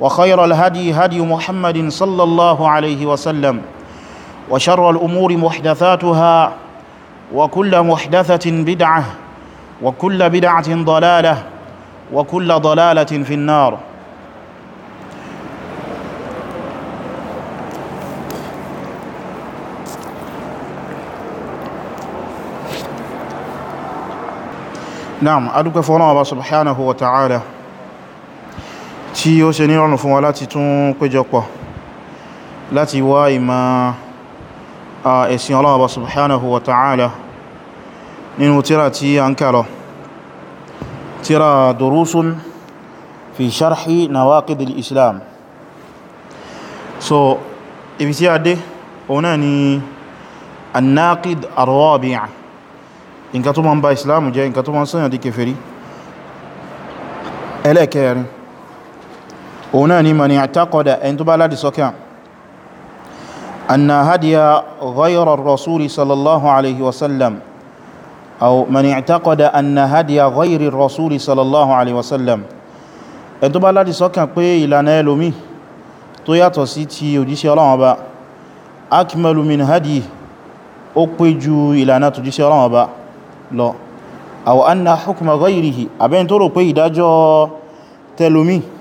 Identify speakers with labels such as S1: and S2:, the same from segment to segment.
S1: وخير الهدي هدي محمد صلى الله عليه وسلم وشر الأمور محدثاتها وكل محدثة بدعة وكل بدعة ضلالة وكل ضلالة في النار نعم أدوك فرابة سبحانه وتعالى tí ó ṣe ní rọrùn fún wa láti tún péjọpọ̀ láti wá ìmọ̀ ẹ̀sìn Ọlọ́run Ọba subhanahu wa ta'ala nínú tírà tí a ń kà lọ tírà durusun fi sharhi nawaqidil islam so ibi tí a dé òun náà ni annaqid arwabi'a nǹkan tó ma ń ba islam jẹ́ nǹkan tó ma ń sọ́yàn di kèfèrí ẹlẹ́kẹ̀ẹ́rin òun náà ni man i'taqada ẹni tó bá láti sọ́kàn anna hadiya ghayra ar-rasuli sallallahu alayhi wa sallam aw man i'taqada anna hadiya ghayri ar-rasuli sallallahu alayhi wa sallam ẹni tó bá láti sọ́kàn pé ìlànà ẹlòmí tó yàtọ̀ sí ti òjíṣẹ́ Ọlọ́run Ọba akmalu min hadi ó pé ju ìlànà tòjíṣẹ́ Ọlọ́run Ọba lọ aw anna hukma ghayrihi abẹ́ni tó rò pé ìdájọ́ tẹlòmí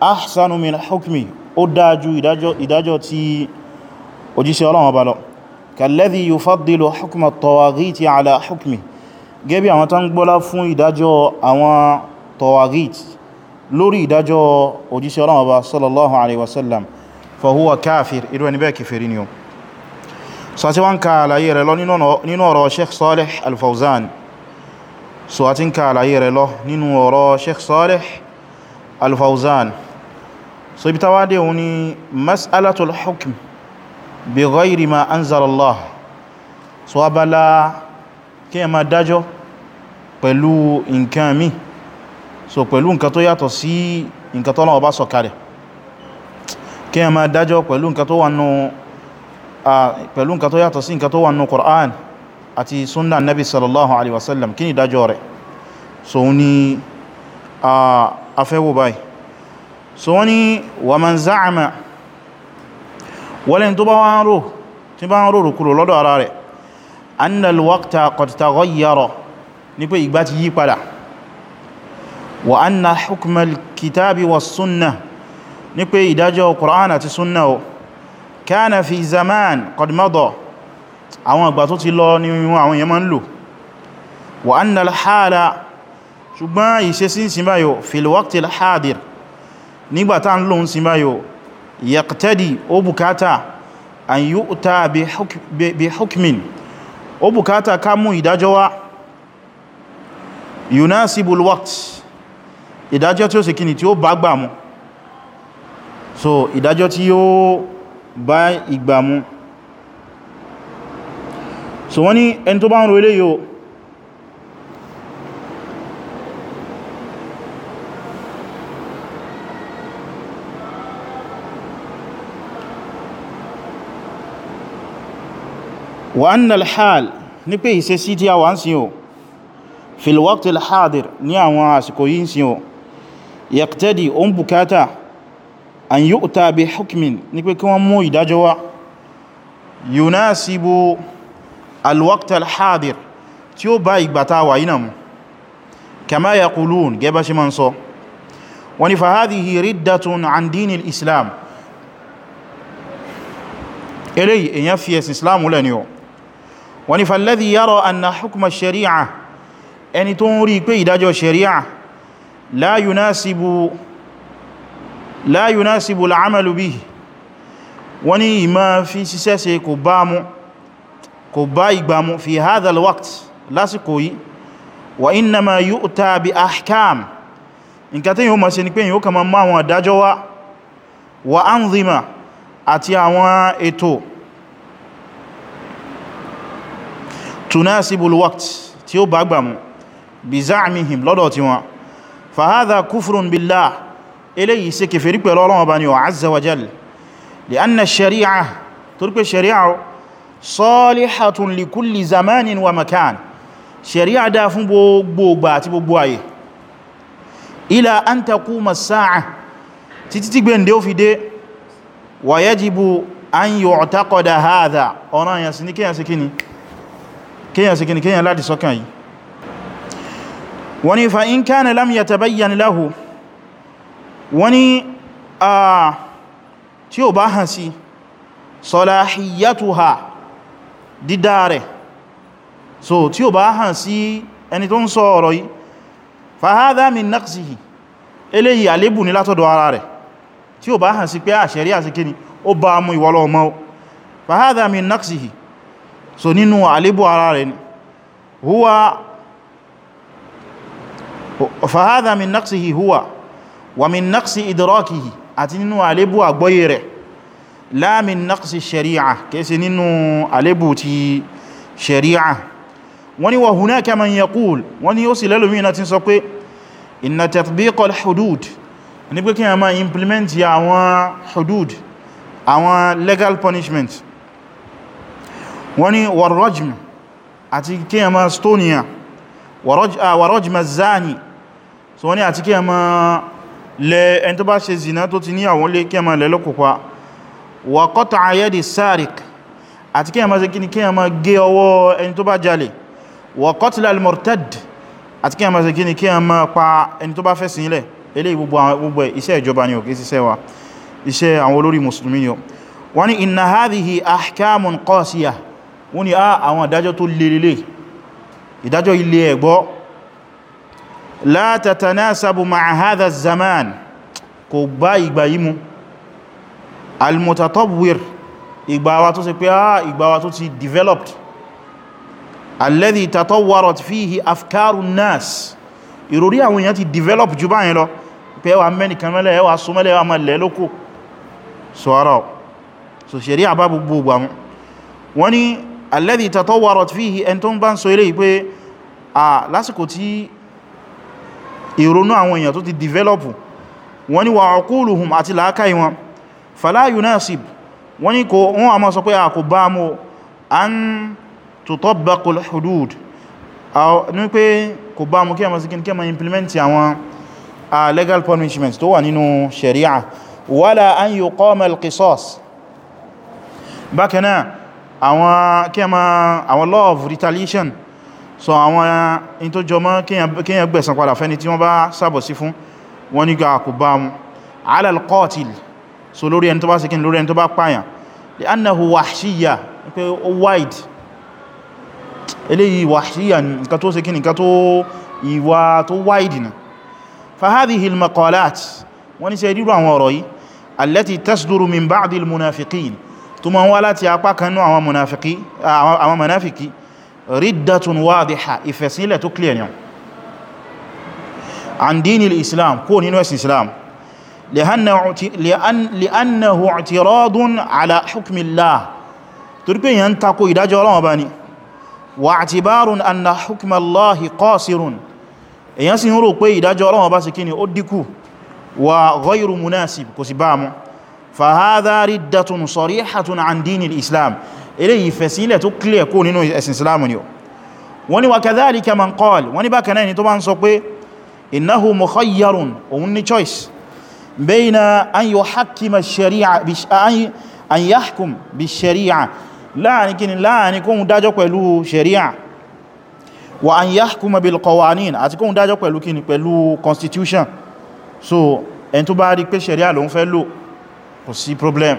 S1: ahsanu min hukmi ó dájú ìdájọ́ tí òjíṣẹ́ Ọlọ́run bá lọ kalladhi yufaddilu hukma at-tawaghiti ala hukmi gẹ́bí àwọn tán gbọ́lá fún ìdájọ́ àwọn tawaghit lórí ìdájọ́ òjíṣẹ́ Ọlọ́run bá sallallahu alaihi wasallam fahuwa kafir irú ẹni bẹ́ẹ̀ kèfèrí ni ó so àti wọ́n ka àlàyé rẹ̀ lọ nínú ọ̀rọ̀ Sheikh Salih Al-Fawzan so àti ń ka àlàyé rẹ̀ lọ nínú ọ̀rọ̀ Sheikh Salih Al-Fawzan so ibi tawa dé òun ni mas'alatul hukm bi ghayri ma anzala Allah so abala kí ẹ ma dájọ́ pẹ̀lú nǹkan mi so pẹ̀lú nǹkan tó yàtọ̀ sí nǹkan tó Ọlọ́run bá sọ kalẹ̀ kí ẹ ma dájọ́ pẹ̀lú nǹkan tó wà nù pẹ̀lú nǹkan tó yàtọ̀ sí nǹkan tó wà nù àti sunna nabi sallallahu alaihi wasallam kí ni dájọ́ rẹ̀ so ni a fẹ́ wò báyìí so wọ́n ni wa man za'ama wọ́lẹ̀ tó bá wọ́n rò tí bá wọ́n rò kúrò lọ́dọ̀ ara rẹ̀ annal waqta qad taghayyara ní pé ìgbà ti yí padà wa anna hukmal kitabi wa sunna ní pé ìdájọ́ Qur'an àti sunna o kana fi zaman qad àwọn ìgbà tó ti lọ ní àwọn èèyàn máa ṣùgbọ́n ìṣesí ìsinmáyò fil hadir nígbàtá ń lóun sin báyò yaqtadi ó bukata an yu'ta bi hukmin ó bukata ká mú ìdájọ́ wá yunasibul waqt ìdájọ́ tí ó sì kíni tí ó bá gbà so ìdájọ́ tí ó bá ìgbà so wani ní ẹni tó bá ń ro ilé yóò wa annal hal ní pé ìṣesí tí a wà ń sin o fil waqtil hadir ní àwọn àsìkò yìí ń sin o yaqtadi o ń bukata an yu'ta bi hukmin ní pé kí wọ́n mú ìdájọ́ wá yunasibu al waqtil hadir tí ó bá ìgbà tá wà yínà mu kama yaqulun gẹ́bá ṣe ma ń sọ wani fa hadhihi riddatun an dinil islam eléyìí èyàn fi ẹ̀sìn islam lẹ́ni o wọ́n ni falladhi yara anna hukma shari'a ẹni tó ń rí pé ìdájọ́ shari'a la yunasibu la yunasibu al'amalu bihi wọ́n ni ìmá fi ṣiṣẹ́ ṣe kò bá mú kò bá ìgbàmú fi hadha al-waqt lásìkò yìí wa innama yu'ta bi ahkam nǹkan tí yíò mọ̀ sí ni pé yíò kama máa wọn àdájọ́ wá wa anzima àti àwọn ètò tunasibul waqt tí ó bá gbàmù bí za'mihim lọ́dọ̀ tí wọn fahadha kufrun billah eléyìí ṣe kèfèrí pẹ̀lú Ọlọ́run Ọba ni wa azza wa jal li anna shari'a turpe shari'a salihatun li kulli zamanin wa makan shari'a dá fún gbogbo ìgbà àti gbogbo ayé ila an taquma saa títí tí gbẹ̀ndé ó fi dé wa yajibu an yu'taqada hadha ọ̀nà yẹn sí ní kíyàn sí kíni kíyàn láti sọ́kàn yìí wani fa in kana lam yatabayyan lahu wani a tí ó bá hàn sí salahiyatuha dídá rẹ̀ so tí ó bá hàn sí ẹni tó ń sọ ọ̀rọ̀ yìí fa hadha min naqsihi eléyìí àlébù ní látọ̀dọ̀ ara rẹ̀ tí ó bá hàn sí pé àṣẹ̀rí àsìkíní ó bá mú ìwọlọ́ ọmọ fa hadha min naqsihi so nínú àlébù ara rẹ̀ ni huwa fahadha min naqsihi huwa wa min naqsi idrakihi àti nínú àlébù àgbọ́yé rẹ̀ la min naqsi shari'a kẹsí nínú àlébù ti shari'a wani wa hunaka man yaqul wani yóò sì lẹ́lùmí wọ́n ni warrajm àti kíyà ma stonia warrajm zani so wọ́n ni àti kíyà ma lẹ ẹni tó bá ṣe zina tó ti níyàwó lé kíyà ma lẹ lọ́kùpa wa qat'a yadi sarik àti kíyà ma kíni kíyà gé ọwọ́ ẹni tó bá jalè wa qatla al àti kíyà ma kíni kíyà pa ẹni tó bá fẹ́ sílẹ̀ eléyìí gbogbo inna hadhihi ahkamun qasiyah wọ́n ni ah, àwọn ìdájọ́ tó lélelé ìdájọ́ ilé ẹ̀gbọ́ la tatanasabu ma'a hadha zaman kò bá ìgbà yí mu almutatawwir ìgbà wa tó ṣe pé ah ìgbà tó ti developed alladhi tatawwarat fihi afkaru nas ìròrí àwọn èèyàn ti develop jù báyìí lọ pé wà mẹ́nìkan mẹ́lẹ̀ ẹwà súnmọ́lẹ̀ ẹwà mẹ́lẹ̀ lókò sọ́rọ̀ so ṣe rí àbá gbogbo àwọn wọ́n ni alladhi tatawwarat fihi ẹn tó ń bá ń sọ ilé ìpé à lásìkò tí ìrònú àwọn èèyàn tó ti develop wọ́n ni wà uquluhum àti làákàí wọn fala yunasib wọ́n ni kò wọ́n a máa sọ pé a kò bá mọ́ an tutabbaqul hudud ní pé kò bá mọ́ kí a máa síkín àwọn kí a ma àwọn law of retaliation so àwọn in tó jọmọ́ kí a gbẹ̀san padà fẹ́ni tí wọ́n bá sábọ̀ sí fún wọ́n ní ga kò bá mú ala so lórí ẹni tó bá sikin lórí ẹni tó bá pààyàn li annahu wahshiyya pé ó wide eléyìí wahshiyya nǹkan tó sikin nǹkan tó ìwà tó wide na fa hadhihi wọ́n ní sẹ́ àwọn ọ̀rọ̀ yìí allati tasduru min ba'di munafiqin tó ma ń wá láti apá kanú àwọn munafiki àwọn munafiki riddatun wadiha ìfẹ̀sílẹ̀ tó clear ni an dinil islam kó nínú ẹ̀sìn islam li'annahu i'tiradun ala hukmillah torí pé yẹn tako ìdájọ́ Ọlọ́run bá ni wa i'tibarun anna hukmallahi qasirun èyàn sì ń rò fàhádá riddatun sarihatun an dinil islam eléyìí ìfẹ̀sílẹ̀ tó clear kó nínú ẹ̀sìn islam ni wọ́n ni wa kadhalika man qala wọ́n ni bákan náà ni tó bá ń sọ pé innahu mukhayyarun òun ni choice bayna an yuhakkima shari'a an yahkum bi shari'a láàrin kí ni láàrin kóhun dájọ́ pẹ̀lú shari'a wa an yahkuma bil qawanin constitution so ẹni tó bá rí kò sí problem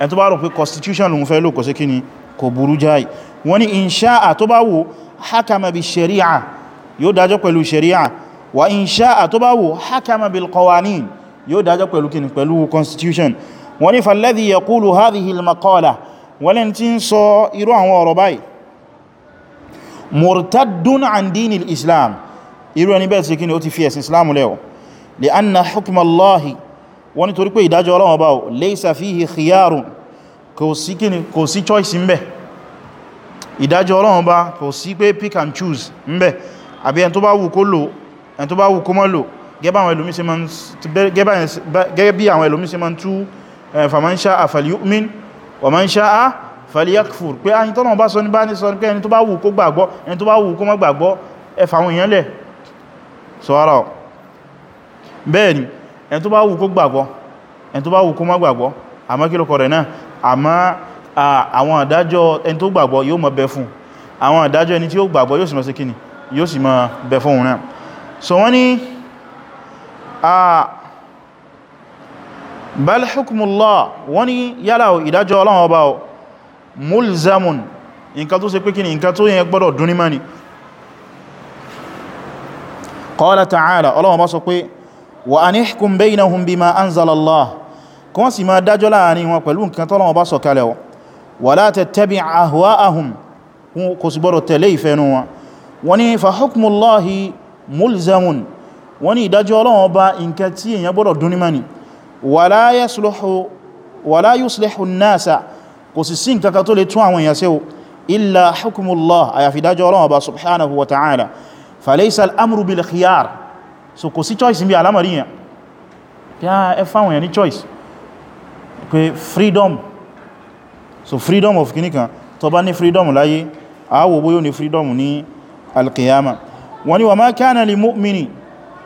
S1: ẹ tó bá rò pé constitution lòun fẹ́ lò kò sí kí ni kò burú jáì wọ́n ní inṣáà tó bá wò hakama bi sharia yóò dájọ́ pẹ̀lú sharia wa inṣáà tó bá wò hakama bil yóò dájọ́ pẹ̀lú kí pẹ̀lú constitution wọ́n ní falladhi yaqulu hadhihi al maqala wọ́n lẹ́n tí ń sọ irú àwọn ọ̀rọ̀ báyìí murtaddun an dini islam irú ẹni bẹ́ẹ̀ ni ó ti fi ẹ̀sìn islam wọ́n ní torí pé ìdájọ́ Ọlọ́run Ọba o laysa fihi khiyarun kò sí kíni kò sí choice ń bẹ ìdájọ́ Ọlọ́run Ọba kò sí pé pick and choose ń bẹ àbí ẹn tó bá wù kó lò ẹn tó bá wù kó má lò gẹ́bà àwọn ẹlòmí ṣe máa ń tú eh, faman sha'a falyu'min wa man sha'a falyakfur pé ayin tọ́nà bá sọ ẹni tó bá wù kó gbàgbọ́ ẹni tó bá wù kó má gbàgbọ́ àmọ́ kí lókọ rẹ̀ náà àmọ́ àwọn àdájọ́ ẹni tó gbàgbọ́ yóò mọ̀ bẹ fún àwọn àdájọ́ ẹni tí ó gbàgbọ́ yóò sì mọ̀ sí kíni yóò sì mọ̀ bẹ fún òun náà so wọ́n ni bal hukmullah wọ́n yálà ìdájọ́ ọlọ́run ọba wa an ihkum baynahum bima anzala Allah kọ́n sì máa dájọ́ láàrin wọn pẹ̀lú nǹkan t'Ọlọ́run bá sọ̀kalẹ̀ wa la tattabi' ahwa'ahum kò sì gbọ́dọ̀ tẹ̀lé ìfẹ́nu wọn wọ́n ní fa hukmullahi mulzamun wọ́n ní ìdájọ́ Ọlọ́run bá nǹkan tí èyàn gbọ́dọ̀ dún nímọ̀ ni wa la yuslihu an-nasa kò sì sí nǹkan tó lè tún àwọn èyàn ṣe o illa hukmullah àyàfi ìdájọ́ Ọlọ́run bá subhanahu wa ta'ala falaysa al-amru bil khiyar so kò sí choice níbi alámọ̀rí yẹn bí a ẹ fáwọn yẹn ní choice pé freedom so freedom of kìníkan tó bá ní freedom láyé àwọ̀ bóyó ní freedom ní alkiyama wọ́n ni wà máa kana li mu'mini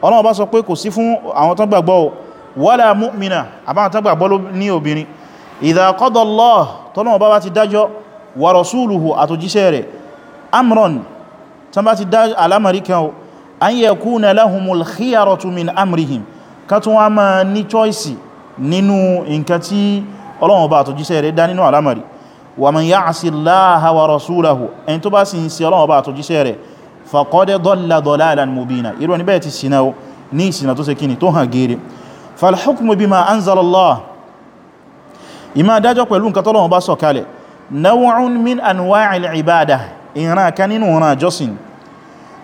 S1: ọlọ́wọ́ bá sọ pé kò sí fún àwọn tó gbàgbọ́ wala mu'mina àbáwọn tó gbàgbọ́ ní obìnrin idha qada Allah tọ́lọ́wọ́ bá ti dájọ́ wa rasuluhu àtòjíṣẹ́ rẹ̀ amron tán bá ti dá alámàrí kan an yakuna lahumul khiyaratu min amrihim ká tún wá máa ní choice nínú nǹkan tí Ọlọ́run bá àtòjíṣẹ́ rẹ̀ dá nínú alamari wa man ya'si Allaha wa rasulahu ẹni tó bá sì ń sí Ọlọ́run bá àtòjíṣẹ́ rẹ̀ faqad dalla dalalan mubina irú ẹni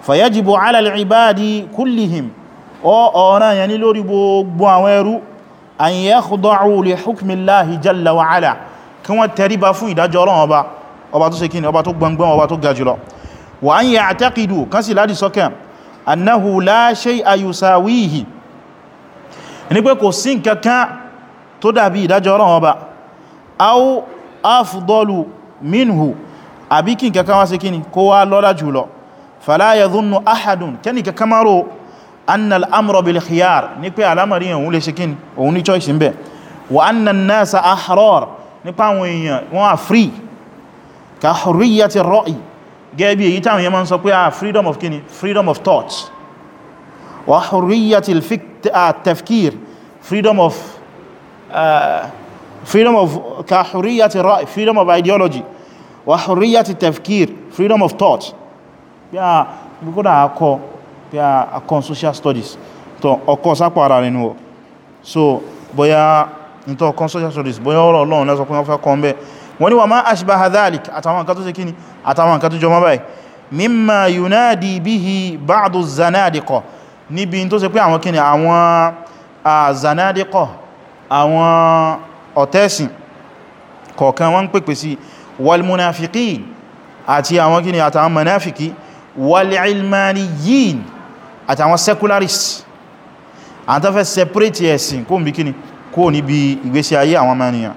S1: fàyájìbò alàlìbáàdì kúlìhìm ọ̀ọ̀rán yẹni lórí gbogbo àwọn ẹrú àyíyẹ́ kùdọ̀rù lè hukmillahi jalla wa ala kí wọ́n tẹríba fún ìdájọ́ ọlọ́run ọba ọba tó sekí ọba tó gbọngbọ́n ọba tó ga jùlọ wa an ya'taqidu kan sì láti sọ́kẹ̀ annahu la shay'a yusawihi ní pé kò sí nǹkankan فلا يظن احد كني كمارو ان الامر بالخيار نيبي علامه ني ولي شكين اوني تشويس نبه وان الناس احرار نيبا وين وان فري كحريه الراي جابي ايتا وين ما نسو بي فريدم اوف كني فريدم اوف ثوتس وحريه الفكر آه، التفكير فريدم اوف فريدم اوف كحريه الراي فريدم اوف ايديولوجي وحريه التفكير فريدم اوف ثوتس pé à bí kódà akọ pé à akọ social studies tó ọkọ sápọ̀ ara rẹ̀ so bóyá nítọ́ ọkọ social studies bóyá ọ̀rọ̀ Ọlọ́run lẹ́sọ pé wọ́n fẹ́ kọ́ mbẹ́ wọ́n ní wà máa ashbaha dhalik àtàwọn nǹkan tó ṣe kíni àtàwọn nǹkan tó jọ mọ́ báyìí mimma yunadi bihi ba'du zanadiqa níbi tó ṣe pé àwọn kíni àwọn zanadiqa àwọn ọ̀tẹ́sìn kọ̀ọ̀kan wọ́n ń pèpè sí wal àti àwọn kíni àtàwọn munafiki wal-ilmaniyin àtàwọn secularists àwọn tó fẹ́ separate ẹ̀sìn kó bí kíni kó níbi ìgbésí ayé àwọn mẹ́rìnà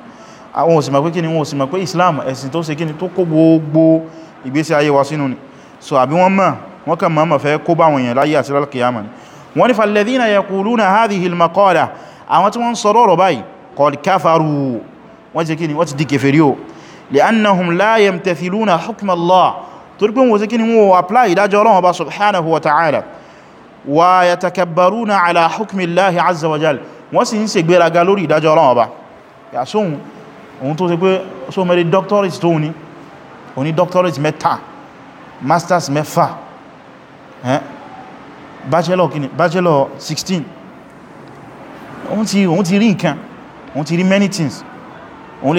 S1: àwọn òsìmọ̀ pé kíni wọ́n òsìmọ̀ pé Islam ẹ̀sìn tó ṣe kíni tó kó gbogbo ìgbésí ayé wa sínú ni so àbí wọ́n mọ̀ wọ́n kàn mọ̀ fẹ́ kó bá wọ̀nyẹn láyé àti lálkìyàmà torí pé wọ́n sí kí ni wọ́n apply ìdájọ́ Ọlọ́run Ọba subhanahu wa ta'ala wa yatakabbaruna ala hukmi Allahi azza wa jal wọ́n sì ń ṣe gbéraga lórí ìdájọ́ Ọlọ́run Ọba yà sóhun ohun tó ṣe 16 òun ti rí nǹkan òun ti rí many things òun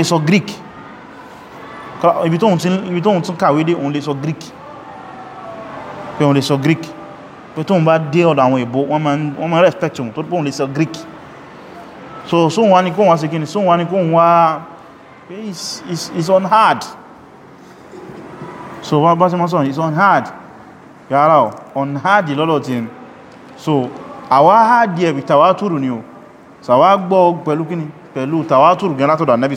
S1: ibi tóhun tún kàwé dé òun lè sọ Greek pé òun lè sọ Greek pé tóhun bá dé ọ̀dọ̀ àwọn ìbò wọ́n ma respect òun tó pé òun lè sọ Greek so sóhun wá ní kóhun wá sí kíni sóhun wá ní kóhun wá it's on hard so wá bá sí mọ́ sọ́rọ̀ it's on hard yàrá ọ̀ on hard lọ́lọ́ ti ní so àwa hard yẹ̀ bí tàwátùrù ni o sàwá gbọ́ pẹ̀lú kíni pẹ̀lú tàwátùrù gan látọ̀dọ̀ Ànábì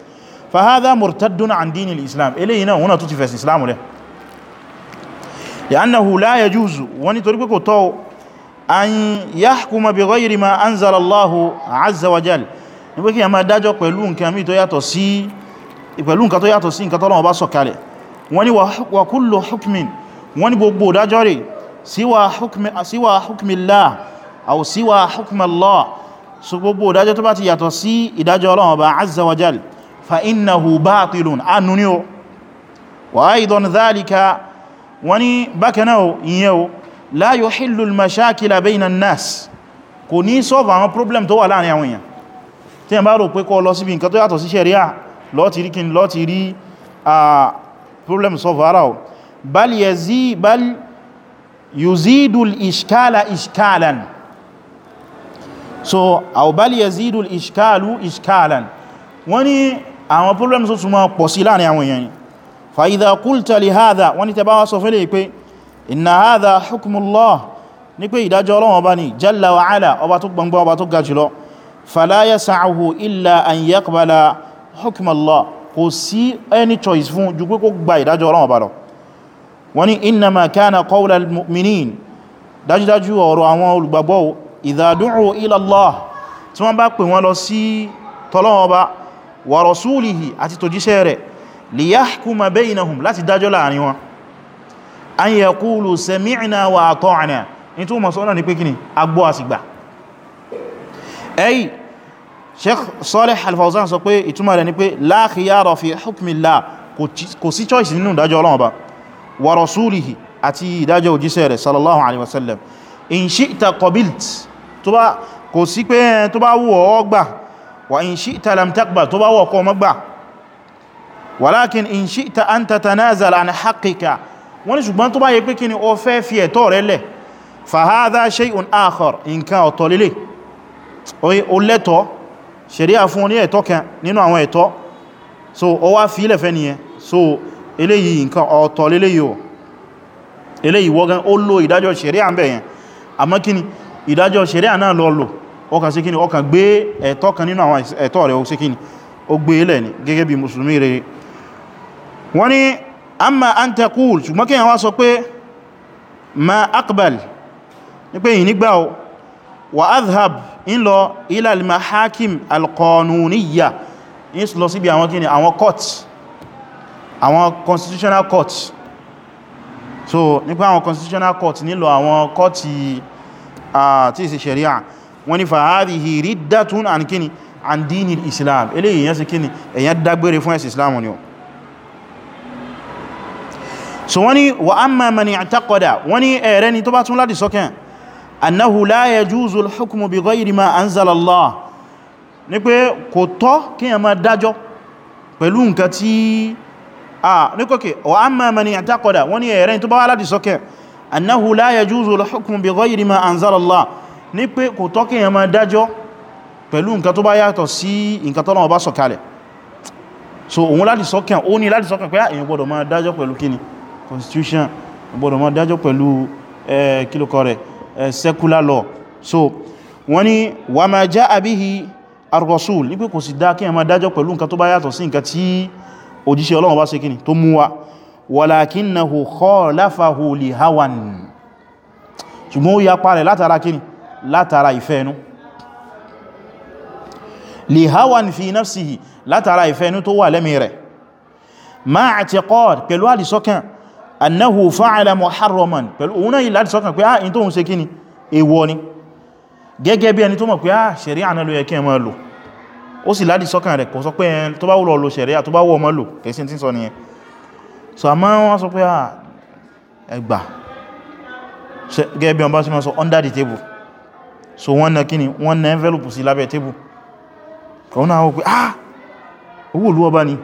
S1: فهذا مرتد عن دين الإسلام إلينا هنا تتفى الإسلام له لأنه لا يجوز ونطرقك طو أن يحكم بغير ما أنزل الله عز وجل نبقى يما داجو قلون كامي تو ياتو سي قلون كتو ياتو سي كتو لما باسو كالي وني وكل حكم وني بوبو داجوري سوى حكم, سوى حكم الله أو سوى حكم الله سوى بوبو داجو تباتي ياتو سي داجو لما با عز وجل فإنه باطل أننيو وأيضا ذلك وني بكنو يو لا يحل المشاكل بين الناس kò ní solve àwọn problem tó wà láàrin àwọn èèyàn tí ẹ bá rò pé kó lọ síbi nǹkan tó yàtọ̀ sí sharia lọ ti rí kí lọ ti rí problem solve ara o bal yazi bal yuzidul ishkala ishkalan so aw bal yazidul ishkalu ishkalan wani àwọn problems tó túnmọ̀ pọ̀ sí láàrin àwọn èèyàn fa idha qulta li hadha wọ́n ni tẹbá wá sọ fẹ́lẹ̀ pé inna hadha hukmullah ní pé ìdájọ́ Ọlọ́run ọba ni jalla wa ala ọba tó gbangba ọba tó ga jùlọ fala yasa'uhu illa an yaqbala hukmallah kò sí any choice fún ju pé kó gba tí wọ́n bá pè wọ́n lọ sí tọ́lọ́wọ́ ọba wa rasulihi àti tòjíṣẹ́ rẹ̀ liyahkuma baynahum láti dájọ́ láàrin wọn an yaqulu sami'na wa ata'na in tó mọ̀ sọ́nà ní pé kíni agbó àsìgbà ay Sheikh Salih Al-Fawzan sọ pé ìtumọ̀ rẹ̀ ni pé la khiyara fi hukmillah kò sí choice nínú ìdájọ́ Ọlọ́run Ọba wa rasulihi àti ìdájọ́ òjíṣẹ́ rẹ̀ sallallahu alaihi wasallam in shi'ta qabilt tó bá kò sí pé tó bá wù ọ́ wa in shi'ta lam taqbal tó bá wọ́ kó má gbà walakin in shi'ta an tatanazala an haqqika wọ́n ní ṣùgbọ́n tó bá yẹ pé kí ni ó fẹ́ fi ẹ̀tọ́ rẹ̀ lẹ̀ fa hadha shay'un akhar nǹkan ọ̀tọ̀ lílé ó lẹ́tọ̀ ṣẹ̀ríà fún ní ẹ̀tọ́ kan nínú àwọn ẹ̀tọ́ so ó wá fi ilẹ̀ fẹ́ nìyẹn so eléyìí nǹkan ọ̀tọ̀ lílé yóò eléyìí wọ́gan ó lo ìdájọ́ ṣẹ̀ríà ń bẹ̀yẹn àmọ́ kí ni ìdájọ́ ṣẹ̀ríà náà lọ lò ọkàn síkíní ọkàn gbé ẹ̀tọ́ kan nínú àwọn ẹ̀tọ́ rẹ̀ ó síkíní ó gbé ilẹ̀ e ni gẹ́gẹ́ bí musulmi rere wọ́n ni amma an ta kúl ṣùgbọ́n kí wọ́n sọ pé ma akbal ní pé yìí nígbà o wa adhab in lọ ilal mahakim alqanuniyya in lọ síbi àwọn kíni àwọn court àwọn constitutional court so nípa àwọn court nílò àwọn sharia wọ́n ní fàhádìí riddatun an kíni an dini islam eléyìí yẹn sí kíni èyàn dágbére fún ẹ̀sì islam ni o so wọ́n ní wa amma man i'taqada wọ́n ní ẹ̀rẹ́ ni tó bá tún láti sọ́kẹ́ annahu la yajuzu al-hukmu bi ghayri ma anzala Allah pé kò tọ́ ní pé kò tọ́ kí èèyàn máa dájọ́ pẹ̀lú nǹkan tó bá yàtọ̀ sí nǹkan tọ́lọ́run bá sọ̀kalẹ̀ so òun láti sọ́kàn ó ní láti sọ́kàn pé ah, èèyàn gbọ́dọ̀ máa dájọ́ pẹ̀lú kíni constitution gbọ́dọ̀ máa dájọ́ pẹ̀lú kílùkọ rẹ̀ secular law so wọ́n ní wà máa já àbíhì ar-rasul ní pé kò sì dá kí èèyàn máa dájọ́ pẹ̀lú nǹkan tó bá yàtọ̀ sí nǹkan tí òjíṣẹ́ ọlọ́run bá ṣe kíni tó mú wa walakinnahu khalafahu li hawan ṣùgbọ́n ó yapa rẹ̀ látara kíni látara ìfẹ́nu li hawan fi nafsihi látara ìfẹ́nu tó wà lẹ́mí rẹ̀ ma i'tiqad pẹ̀lú àdìsọ́kàn annahu fa'ala muharraman pẹ̀lú òun náà ìlàdìsọ́kàn pé ah in tó ń ṣe kíni èwọ ni gẹ́gẹ́ bí ẹni tó mọ̀ pé ah ṣẹ̀ríà náà ló yẹ kí ẹ máa lò ó sì làdìsọ́kàn rẹ̀ kò sọ pé ẹn tó bá wùlọ lo ṣẹ̀ríà tó bá wù ọmọ lò kẹsí tí sọ nìyẹn so a máa wọ́n sọ pé ah ẹgbà gẹ́gẹ́ bí ọmọ sí mọ́ sọ under the table so wọ́n na kíni wọ́n na envelope sí lábẹ́ tébù kàwọn náà wọ́n ah owó olú ọba ni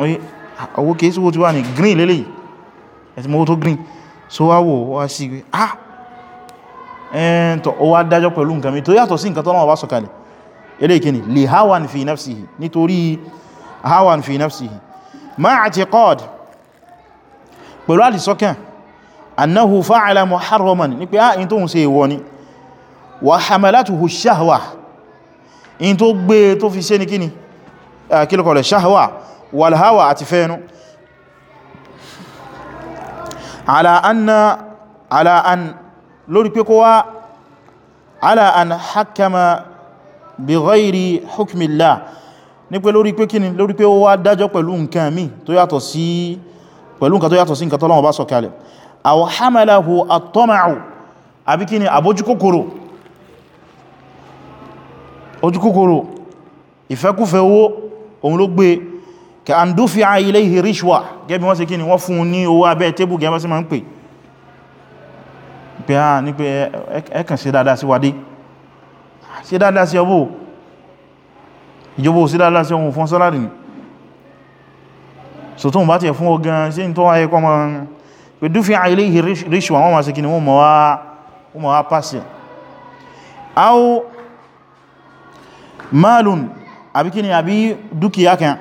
S1: oye ah, owó kìí sí owó tí wà ní green lélẹ̀ ẹ̀tí mọ́ tó green so wá wò wá sí pé ah ẹ̀ẹ́ntọ̀ o wá dájọ́ pẹ̀lú nǹkan mi tó yàtọ̀ sí nǹkan tọ́lọ́wọ́ bá sọ̀kalẹ̀ eléyìí kíni li hawan fi nafsihi nítorí hawan fi nafsihi ma'a i'tiqad pẹ̀lú àdìsọ́kàn annahu fa'ala muharraman ní pé ah in tó ń ṣe ìwọ ni wa hamalatuhu shahwa in tó gbé tó fi ṣe ní kíni kílùkọ̀lẹ̀ shahwa walhawa àti fẹ́nu ala anna ala an lórí pé kówá ala an hakama bi ghairi hukmillah ní pé lórí pé kíni lórí pé ó wá dájọ́ pẹ̀lú nǹkan mi tó yàtọ̀ sí pẹ̀lú nǹkan tó yàtọ̀ sí nǹkan tọ́lọ́wọ́ bá sọ̀kalẹ̀ aw hamalahu at-tama'u àbí kíni àbójú ojú kòkòrò ìfẹ́kúfẹ́ owó òun ló gbé kẹ àndúfí ilé ìrìṣwà gẹ́bí wọ́n ṣe kí ni wọ́n fún ní owó abẹ́ tébù gẹ́bá sí ma ń pè pé a ah, ní pé ẹkàn sí dáadáa sí wádé sí dáadáa sí ọbọ̀ ìjọba sí dáadáa sí ọmọ fún sọ́lárì ni so tó ń bá ti malun àbí kí ni àbí dúkìá kan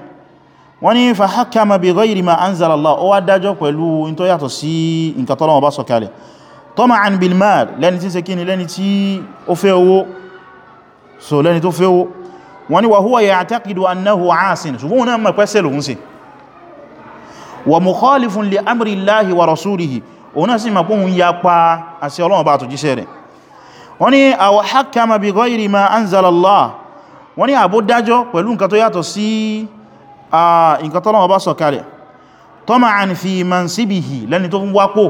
S1: wọ́n ní fa hakama bi ghayri ma anzala Allah ó wá dájọ́ pẹ̀lú in tó yàtọ̀ sí nǹkan tọ́lọ́wọ́ bá sọ̀kalẹ̀ tama'an bil mal lẹ́ni tí ṣe kí ni lẹ́ni tí ó fẹ́ owó so lẹ́ni tó fẹ́ owó wọ́n ní wa huwa ya'taqidu annahu 'asin ṣùgbọ́n náà mọ̀ pẹ́sẹ̀ lòun sí wa mukhalifun li amri Allahi wa rasulihi òun náà sì wọ́n ní àbó dájọ́ pẹ̀lú nǹkan tó yàtọ̀ sí nǹkan tọ́lọ́wọ́ bá sọ̀kalẹ̀ tọ́mà àn fi mansibihi lẹ́ni tó ń wápò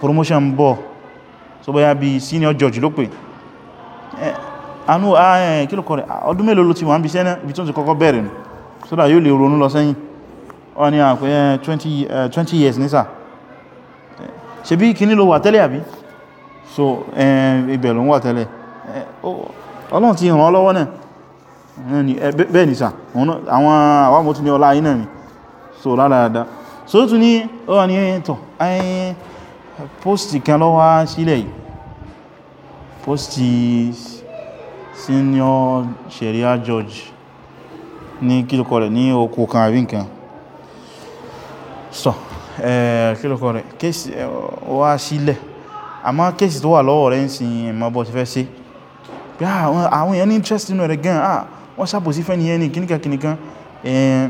S1: promotion bọ̀ so bóyá bí senior George ló pè anú kílùkọ́ rẹ̀ ọdún mélòó ló ti wà ń bí sẹ́nà ibi tó ti kọ́kọ́ bẹ̀rẹ̀ nù so that yóò years nísà ṣe bí kìíní ló wà so ibẹ̀ ló ń wà tẹ́lẹ̀ ọlọ́run ti ràn lọ́wọ́ náà bẹ́ẹ̀ nìsà àwọn àwọn mọ́tún ní ọlá ayé náà mi so ládàádá so tún ní ọwà ní ẹ̀yẹntọ̀ ayẹyẹ posti kan lọ́wọ́ sílẹ̀ yìí posti senior sharia judge ní kílùkọ rẹ̀ ní oko kan àbí nǹkan so kílùkọ rẹ̀ kéèsì wá sílẹ̀ àmọ́ kéèsì tó wà lọ́wọ́ rẹ̀ ń sin ẹ̀mọ́ ti fẹ́ sí pé ah, àwọn èèyàn ní interest nínú rẹ̀ gan ah wọ́n sàbòsí fẹ́ nìyẹn ní kíníkà kíníkan eh,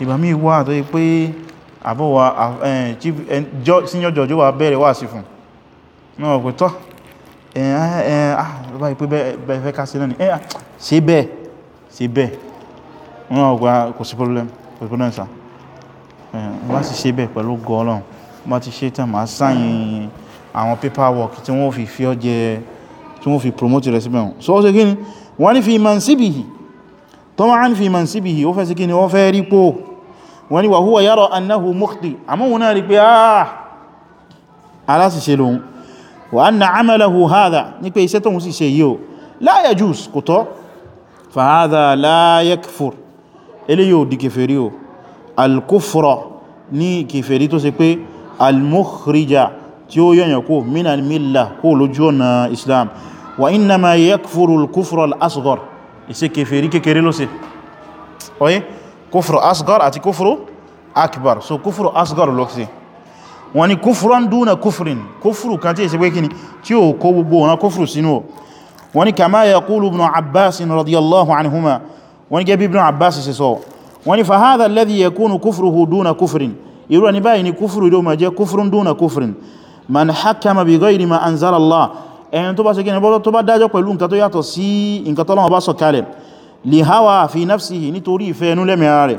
S1: ìgbà míì wà tó yí pé àbọ̀wà senior judge wà bẹ̀rẹ̀ wà sí fún náà pẹ̀ tọ́ bá ipé bẹ́ẹ̀ fẹ́ kásí náà ni eh, ah, ṣe bẹ́ẹ̀ ṣe bẹ́ẹ̀ wọ́n ọgbà ah, kò sí problem kò sí problem sir wọ́n eh, sì ṣe bẹ́ẹ̀ pẹ̀lú gọ́ọ̀lọ́n wọ́n ti ṣe tán máa sáyìn àwọn paperwork tí wọ́n fi fi tí wọ́n fi promote rẹ̀ síbẹ̀ wọn so ó ṣe gíní wọ́n ní fi mansibihi tama'an fi mansibihi ó fẹ́ sí gíní ó fẹ́ rí pò wọ́n ní wa huwa yara annahu mukhti àmọ́ wọn náà ah! al mukhrija tí ó yọ̀yàn kó min al kó lójú ọ̀nà islam wa innama yakfuru al-kufra al-asghar ìṣe kèfèrí kékeré ló ṣe oye kufru asghar àti kufru akbar so kufru asghar ló ṣe wọ́n ní kufran duna kufrin kufru kan tí ṣe pé kíni tí ó kó gbogbo ọ̀nà kufru sínú wọ́n ní kama yaqulu ibn abbas radiyallahu anhuma wọ́n ní gẹ́bí ibn abbas ṣe sọ wọ́n ní fa hadha alladhi yakunu kufruhu duna kufrin irú ni báyìí ni kufru ló ma jẹ́ kufrun duna kufrin man hakama bi ghayri ma anzala ẹn tó bá ṣe kíni bọ́lọ́ tó bá dájọ́ pẹ̀lú nǹkan tó yàtọ̀ sí nǹkan tọ́lọ́wọ́ bá sọ̀kalẹ̀ li hawa fi nafsihi nítorí ìfẹ́ inú lẹ́mìí rẹ̀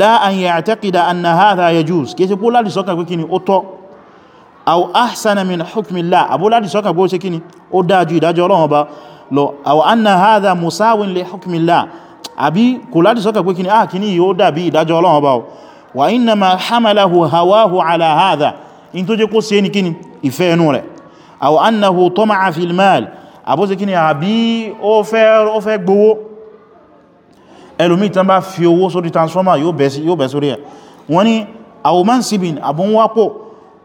S1: la an ya'taqida anna hadha yajuz kìí ṣe póládì sọ́kàn pé kíni ó tọ́ aw ahsana min hukmillah àbóládì sọ́kàn pé ó ṣe kíni ó dájú ìdájọ́ ọlọ́wọ́ bá lọ aw anna hadha musawin li hukmillah àbí kòládì sọ́kàn pé kíni á ah, kíní yóò dàbí ìdájọ́ ọlọ́wọ́ ìfẹ́ inú rẹ̀ aw annahu tama'a fil mal àbóse kí ni àbí ó fẹ́ gbówó ẹlòmí tán bá fi owó sórí transformer yóò bẹ̀ sórí ẹ̀ wọ́n ni aw mansibin àbún wápò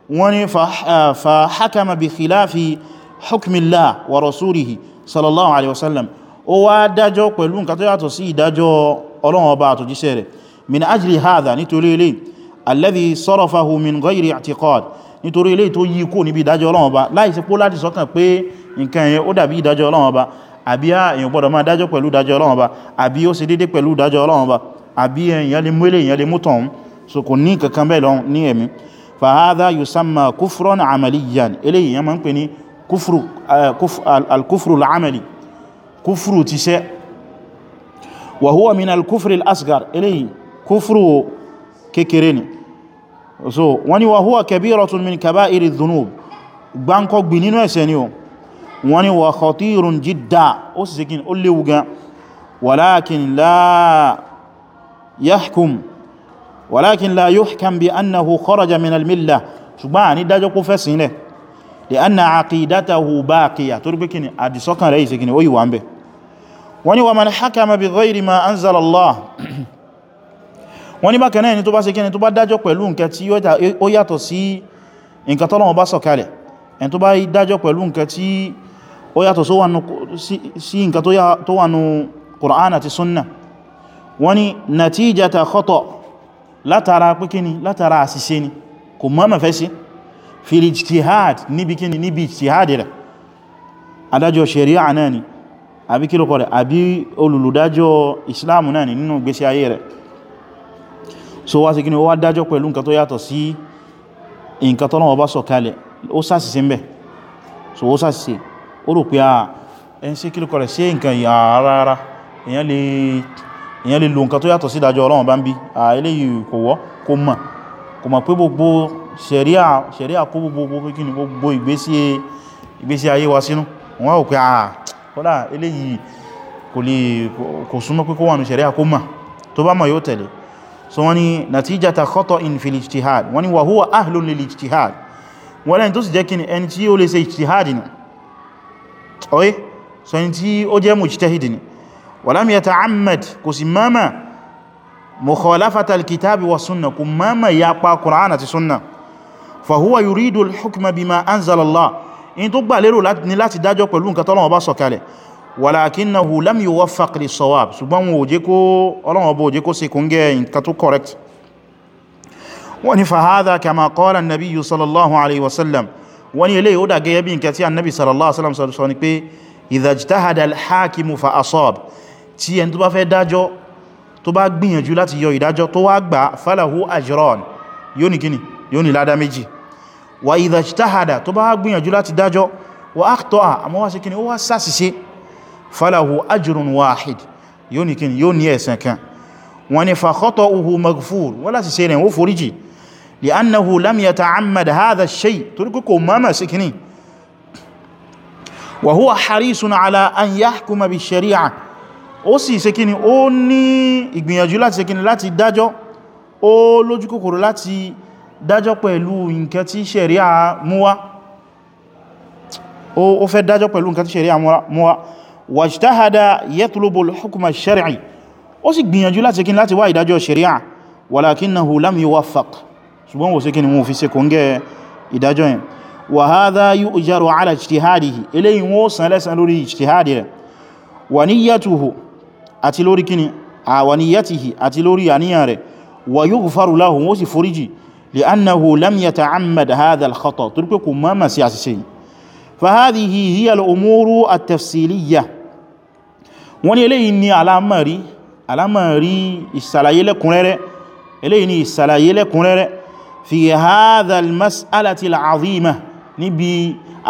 S1: wọ́n ni fa hakama bi khilafi hukmillah wa rasulihi sallallahu alaihi wasallam ó wá dájọ́ pẹ̀lú nǹkan tó yàtọ̀ sí ìdájọ́ Ọlọ́run ọba àtòjíṣẹ́ rẹ̀ min nítorí eléyìí tó yí kò níbi ìdájọ́ Ọlọ́run Ọba láìsí pó láti sọ́kàn pé nǹkan yẹn ó dàbí ìdájọ́ Ọlọ́run Ọba àbí èèyàn gbọ́dọ̀ máa dájọ́ pẹ̀lú ìdájọ́ Ọlọ́run Ọba àbí ó ṣe dédé pẹ̀lú ìdájọ́ Ọlọ́run Ọba àbí èèyàn lè múlé èèyàn lè mú tọ̀hún so kò ní kankan bẹ́ẹ̀ lọ ní kékeré ni so wọ́n ni wa huwa kabiratun min kaba'iri dhunub gbáǹkọ́gbì nínú ẹ̀ṣẹ̀ ni o wọ́n ni wa khatirun jidda ó sì síkín ó léwu gan walakin la yahkum walakin la yuhkam bi annahu kharaja min milla ṣùgbọ́n àní dájọ́ kó fẹ́ sílẹ̀ li anna aqidatahu baqiya torí pé kíni àdìsọ́kàn rẹ̀ ìsìnkini ó yíwa ń bẹ̀ wọ́n ni wa man hakama bi ghairi ma anzala wọ́n ní bákan náà ẹni tó bá ṣe kíni tó bá dájọ́ pẹ̀lú nǹkan tí ó yàtọ̀ sí nǹkan tọ́lọ́run bá sọ̀kalẹ̀ ẹni tó bá dájọ́ pẹ̀lú nǹkan tí ó yàtọ̀ sí nǹkan tó wà nú Qur'an àti Sunnah wọ́n ní natijata khata látara pé kíni látara àṣìṣe ni kò mọ́ mẹ́fẹ́ sí fil níbi kíni so wá sí kí ni ó wá dájọ́ pẹ̀lú nǹkan tó yàtọ̀ sí nǹkan tọ́nà ọba sọ̀kalẹ̀ ó sàṣìṣe ń so ó sàṣìṣe ó rò pé àà ẹn sí kí lókọ̀ rẹ̀ sí nǹkan yàrára èyàn lè lo nǹkan tó yàtọ̀ sí ìdájọ́ Ọlọ́run bá ń bí eléyìí kò wọ́ kò mọ̀ kò mọ̀ pé gbogbo ṣẹ̀ríà kó gbogbo kíni gbogbo ìgbésí ayé wa sínú wọ́n wọ́n pé mọ̀ tó bá mọ̀ yóò tẹ̀lé so wọ́n ni natijata khata'in fil ijtihad wọ́n ni wa huwa ahlun lil ijtihad wọ́n lẹ́yìn tó sì jẹ́ kí ni ẹni tí ó lè ṣe ijtihad ni oye so ẹni tí ó jẹ́ mujtahid ni walam yata'ammad kò sì mama walakinnahu lam yuwaffaq lis-sawab ṣùgbọ́n wọn ò jẹ́ kó Ọlọ́run Ọba ò jẹ́ kó ṣe kún gẹ́ nǹkan tó correct wọ́n ní fahadha kama qala an-nabiyyu sallallahu alaihi wasallam wọ́n ní eléyìí ó dà gẹ́gẹ́ bí nǹkan tí annabi sallallahu alaihi wasallam sọ ni pé idha ijtahada al-hakimu fa asab tí ẹni tó bá fẹ́ dájọ́ tó bá gbìyànjú láti yọ ìdájọ́ tó wá gbà falahu ajran yóò ní kíni yóò ní wa idha ijtahada tó bá gbìyànjú láti dájọ́ wa akhta'a àmọ́ wá sí kíni ó wá ṣàṣìṣe falahu ajrun wahid yóò ní kíni yóò ní ẹ̀san kan wọ́n ní fa khata'uhu maghfur wọ́n láti ṣe rẹ̀ wó foríjì li'annahu lam yata'ammad hadha ash-shay torí kò mọ́mọ̀ sí kíní wa huwa harisun ala an yahkuma bi shari'a ó sì ṣe kíní ó ní ìgbìyànjú láti ṣe kíní láti dájọ́ ó lójú kòkòrò láti dájọ́ pẹ̀lú shari'a mú wá ó fẹ́ dájọ́ pẹ̀lú nǹkan tí shari'a mú wàjtáhàdá yatlubul hukuma shari'i ó sì gbìyànjú láti kí láti wá ìdájọ́ shari'a walakinnahu lam yuwaffaq ṣùgbọ́n wò sí kí ni wọ́n fi ṣe kò ń gẹ́ ìdájọ́ yẹn wa hadha yu'jaru ala ijtihadihi eléyìn wọ́n san lẹ́san lórí ijtihadi rẹ̀ wa niyyatuhu àti lórí kíni a wa niyyatihi àti lórí àníyàn rẹ̀ wa yughfaru lahu wọ́n sì foríjì li'annahu lam yata'ammad hadha al-khata' torípé kò mọ́mọ̀ sí àṣìṣe fa hadhihi hiya al-umuru at-tafsiliyah wọ́n ní eléyìí ni alámọ̀rí alámọ̀rí ìsàlàyé lẹ́kùnrẹ́rẹ́ eléyìí ni ìsàlàyé lẹ́kùnrẹ́rẹ́ fi hadha al-mas'alati al-azima níbi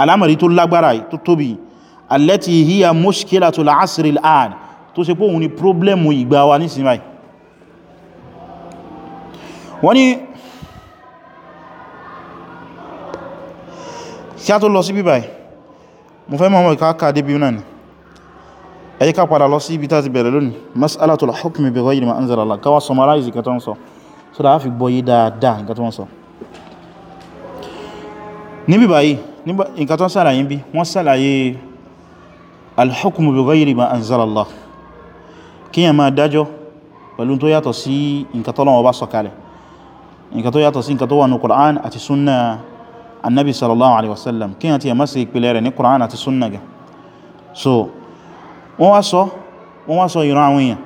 S1: alámọ̀rí tó lágbára tó tóbi allati hiya mushkilatu al-asr al-an tó ṣe pé òun problemu ìgbà wa ní sinimai mo fẹ́ mọ̀ mọ̀ ìkáàkà débi náà ni ẹ jẹ́ ká padà lọ sí ibi tá ti bẹ̀rẹ̀ lónìí mas'alatul hukmi bi ghayri ma anzala Allah ká wá summarize nǹkan tó ń sọ so da fi gbọ́yé dáadáa nǹkan tó ń sọ níbi báyìí nǹkan tó ń sàlàyé bí wọ́n sàlàyé al-hukmu bi ghayri ma anzala Allah kíyàn máa dájọ́ pẹ̀lú tó yàtọ̀ sí nǹkan tí Ọlọ́run bá so wọ́n wá sọ wọ́n wá sọ ìran àwọn èèyàn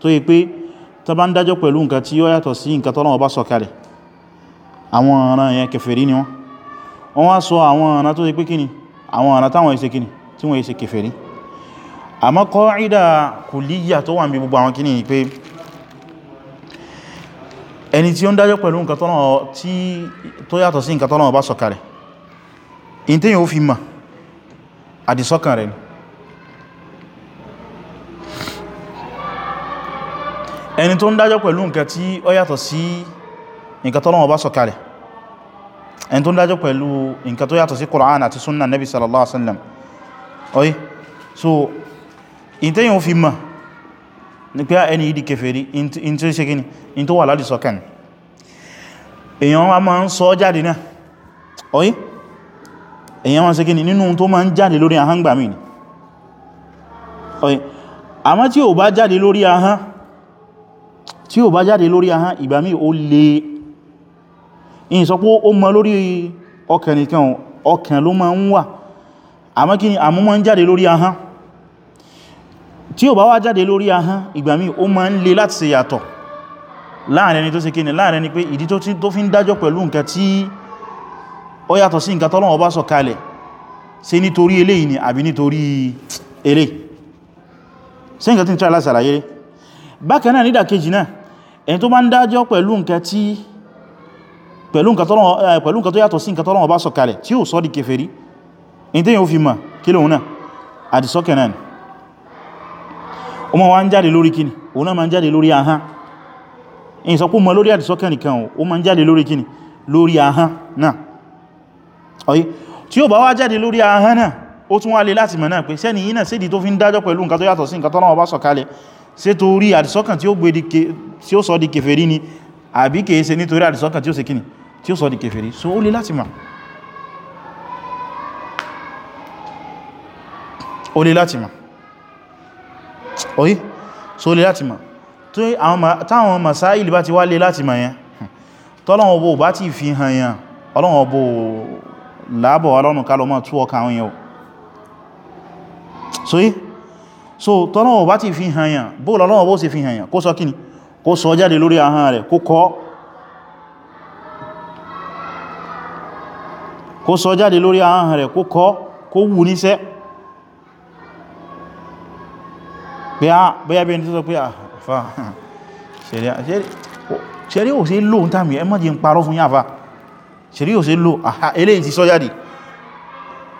S1: tó yí pé tó bá ń dájọ́ pẹ̀lú nǹkan tí ó yàtọ̀ sí nǹkan tọ́lọ́wọ́ bá sọ kalẹ̀ àwọn yẹn ni wọ́n wá sọ àwọn tó yí pé kíni àwọn táwọn kíni tí wọ́n àmọ́ tó wà gbogbo àwọn kíni ni pé ẹni tí ó ń dájọ́ pẹ̀lú nǹkan tó yàtọ̀ sí nǹkan tọ́lọ́wọ́ bá sọ kalẹ̀ ẹni tó ń dájọ́ pẹ̀lú nǹkan tí ó yàtọ̀ sí nǹkan tọ́lọ́wọ́ bá sọ̀kalẹ̀ ẹni tó ń dájọ́ pẹ̀lú nǹkan tó yàtọ̀ sí Qur'an àti sunna nabi sallallahu alaihi wasallam so in tẹ́yìn ó fi mọ̀ ní pé ẹni ìdí kèfèrí in tó ṣe gini in tó wà lálì sọ́kàn èyàn wa máa ń sọ jáde náà oye èyàn wa ṣe gini nínú tí ò bá jáde lórí ahán tí ó bá jáde lórí ahán ìgbàmí ó lè in sọ pé ó mọ́ lórí ọkàn nìkan ọkàn ló máa ń wà àmọ́ kí ni àmọ́ máa ń jáde lórí ahán tí ó bá wá jáde lórí ahán ìgbàmí ó máa ń lè láti ṣe yàtọ̀ láàrin ẹni tó ṣe kíni láàrin ẹni pé ìdí tó fi ń dájọ́ pẹ̀lú nǹkan tí ó yàtọ̀ sí nǹkan tọ́lọ́run bá sọ kalẹ̀ ṣé nítorí eléyìí ni àbí nítorí eléyìí ṣé nǹkan tí ń tọ́ alásàlàyé bákan nídàkejì náà ẹni tó bá ń dájọ́ pẹ̀lú nǹkan tí pẹ̀lú nǹkan tó eh, yàtọ̀ sí nǹkan tọ́lọ́run bá sọ̀kalẹ̀ tí ó sọ di kèfèrí in tí yíò fi mọ̀ kí lóhun náà àdìsọ́kẹ̀ náà ni o ma wá ń jáde lórí kíni o náà ma ń jáde lórí ahán in sọ pún mọ́ lórí àdìsọ́kẹ̀ nìkan o ma ń jáde lórí kíni lórí ahán náà ọ̀yí tí ó bá wá jáde lórí ahán náà ó tún wá lè láti mọ̀ náà pé sẹ́ni yí sídi tó fi ń dájọ́ pẹ̀lú nǹkan tó yàtọ̀ sí nǹkan tọ́lọ́run bá sọ̀kalẹ̀ ṣé torí àdìsọ́kàn tí ó gbé tí ó sọ di kèfèrí ni àbí kèé ṣe nítorí àdìsọ́kàn tí ó ṣe kíni tí ó sọ di kèfèrí so ó lè láti mà ó lè láti mà oye so ó lè láti mà táwọn masáìlì bá ti wá lè láti mà yẹn tọ́lọ́wọ́ bó bá ti fi hàn yẹn ọlọ́wọ́ bó láàbọ̀ ọlọ́nù kálọ́mọ̀ tú ọkà àwọn yẹn o so tọ́lọ́wọ̀ bá ti fi hànyàn bó lọ́lọ́wọ̀ bó sì fi hànyàn kó sọ kíni kó sọ jáde lórí ahán rẹ̀ kó kọ́ kó sọ jáde lórí ahán rẹ̀ kó kọ́ kó wù níṣẹ́ pé á ah, bóyá bí ẹni tó sọ pé ah, àfà ṣẹ̀rí ò sí lò ń tàmì ẹ má jẹ́ ń parọ́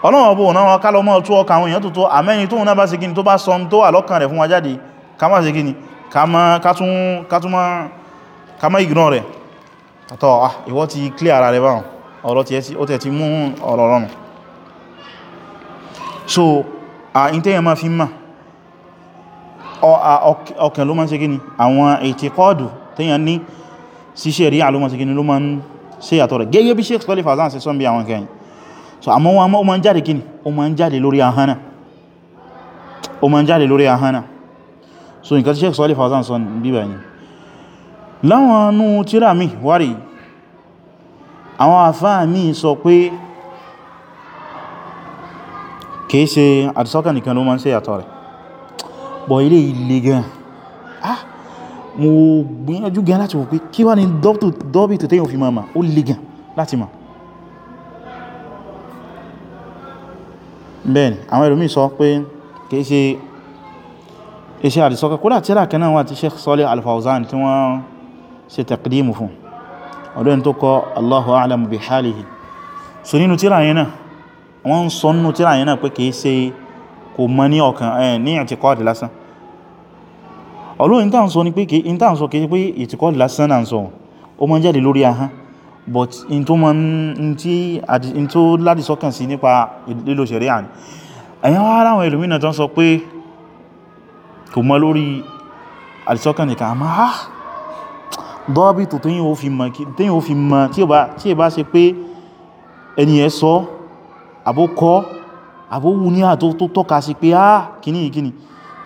S1: ọlọ́wọ́ bó náà kálọ mọ́ tó ọkà àwọn èèyàn tó tó àmẹ́yìn tó náà bá ṣe gini tó bá sọm tó wà lọ́kàn rẹ̀ fún wa jáde ká má ṣe gini ká má ignore rẹ̀ àtọ́ ah, ìwọ ti clear ara rẹ̀ báwọn ọ̀rọ̀ tí ó tẹ̀ ti mú ọ̀rọ̀ rọrùn so a in tẹ́yẹ ma fi mọ́ ọkàn ló ma ṣe gini àwọn ètìkọ́ọ̀dù tẹ́yẹ ní ṣíṣẹ́ rí àlọ́mọ̀ ṣe gini ló ma ń ṣe yàtọ̀ rẹ̀ gẹ́gẹ́ bí Sheikh Khalif Fawzān ṣe sọ́n bí àwọn so àmọ́ wọn ó máa ń jáde kíni ó so nǹkan tí Shaykh Saalih Fawzān sọ bíbà yìí láwọn anú tíra mi wárí àwọn àfáà mi sọ pé kìí ṣe àdìsọ́kà nìkan ló máa ń ṣe àtọ̀ rẹ̀ bọ̀ ilé ilé gan ah mo gbìyànjú gan láti wò pé kí wá ní dọ́bì tó tẹ́yìn òfin máa ó le gan láti máa bẹ́ẹ̀ni àwọn ẹlòmí sọ pé kìí ṣe iṣẹ́ àdìsọ́kẹ́ kódà tíra kan náà wà tí Sheikh Salih Al-Fawzan tí wọ́n ṣe taqdimu fún ọdún tó kọ Allahu a'lamu bi halihi so nínú tíra yẹn náà wọ́n sọ nínú tíra yẹn náà pé kìí ṣe kò mọ ní ọkàn ní ìtìkọ́ọ̀dì lásán but in tó mọ́ in tó láti sọ́kàn sí nípa lílo ṣẹ̀ríà ni ẹ̀yàn wá ráwọn ìlúmínà tán sọ pé kò mọ́ lórí àdìsọ́kàn nìkan àmá ah dọ́bìtò tí yíò fi mọ̀ tí è bá ṣe pé ẹniyẹ sọ àbókọ́ àbówú ní àtó tó tọ́ka sí pé ah kìní kìní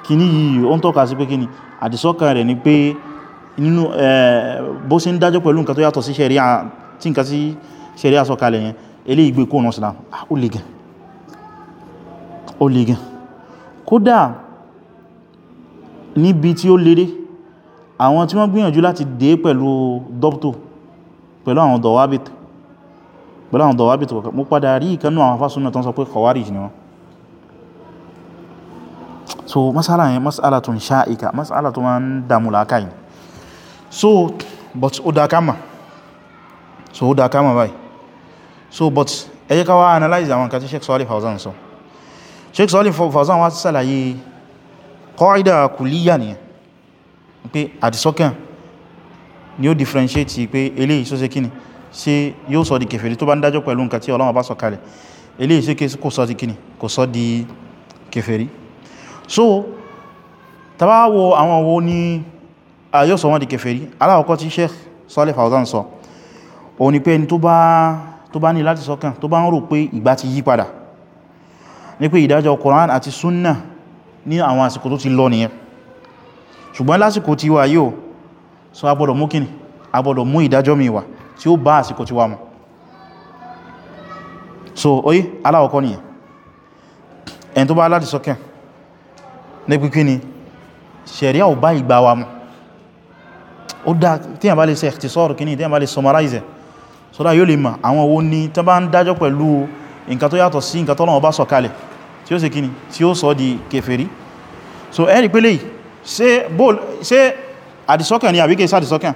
S1: kìní yìí o ń tọ́ka sí pé kìní àdìsọ́kàn rẹ̀ ni pé nínú bó ṣe ń dájọ́ pẹ̀lú nǹkan tó yàtọ̀ sí ṣẹ̀ríà tí nǹkan sí ṣẹ̀rí àsọkalẹ̀ yẹn ilé ìgbé kóòrùn islam ah, ó lè gan ó lè gan kódà níbi tí ó lérè àwọn tí wọ́n gbìyànjú láti dé pẹ̀lú dọ́pítò pẹ̀lú àwọn dọ̀wábìtì pẹ̀lú àwọn dọ̀wábìtì kọ̀kọ̀ mú padà rí ìkanú àwọn afásúnà tán sọ pé khawarij ni wọ́n so masala yẹn masala tún ṣáìkà masala tún wọ́n dàmù làákàyìn so but ó dákàmà so ó dá ká so but ẹ jẹ́ ká wá analyze àwọn nǹkan tí Sheikh Salih Fawzan so. Sheikh Salih Fawzan wá ṣàlàyé qaida kulliya nìyẹn pé àdìsọ́kàn ni ó differentiate pé eléyìí só ṣe kíni ṣé yóò sọ di kèfèrí tó bá ń dájọ́ pẹ̀lú nǹkan tí Ọlọ́run bá sọ kalẹ̀ eléyìí ṣe kò sọ di kíni kò sọ di kèfèrí so tabawo àwọn wo ni a yóò sọ wọ́n di kèfèrí aláwọ̀kọ́ tí Sheikh Salih Fawzan sọ so òun ni pé ẹni tó bá ní láti sọ́kàn tó bá ń rò pé ìgbà ti yí padà ní pé ìdájọ́ Qur'an àti súnnà ní àwọn àsìkò tó ti lọ nìyẹn ṣùgbọ́n lásìkò ti wà yíò so abọ́dọ̀ mú kíni abọ́dọ̀ mú ìdájọ́ mi wà tí ó bá àsìkò ti wà mọ̀ so oye aláwọ̀kọ́ nìyẹn ẹni tó bá láti sọ́kàn ní pípí ni ṣẹ̀ríà ò bá ìgbà wa mọ̀ ó dá tí lè ṣe ẹ̀tìsọ́rù kíní tí a lè summarize sọ́dá yóò lè mọ̀ àwọn owó ní tó bá ń dájọ́ pẹ̀lú nǹkan tó yàtọ̀ sí nǹkan tọ́lọ́wọ́ bá sọ kalẹ̀ tí ó ṣe kíni tí ó sọ di kèfèrí so ẹ̀rì pé léyìí àdìsọ́kàn ni àbíkẹ́ sàdìsọ́kàn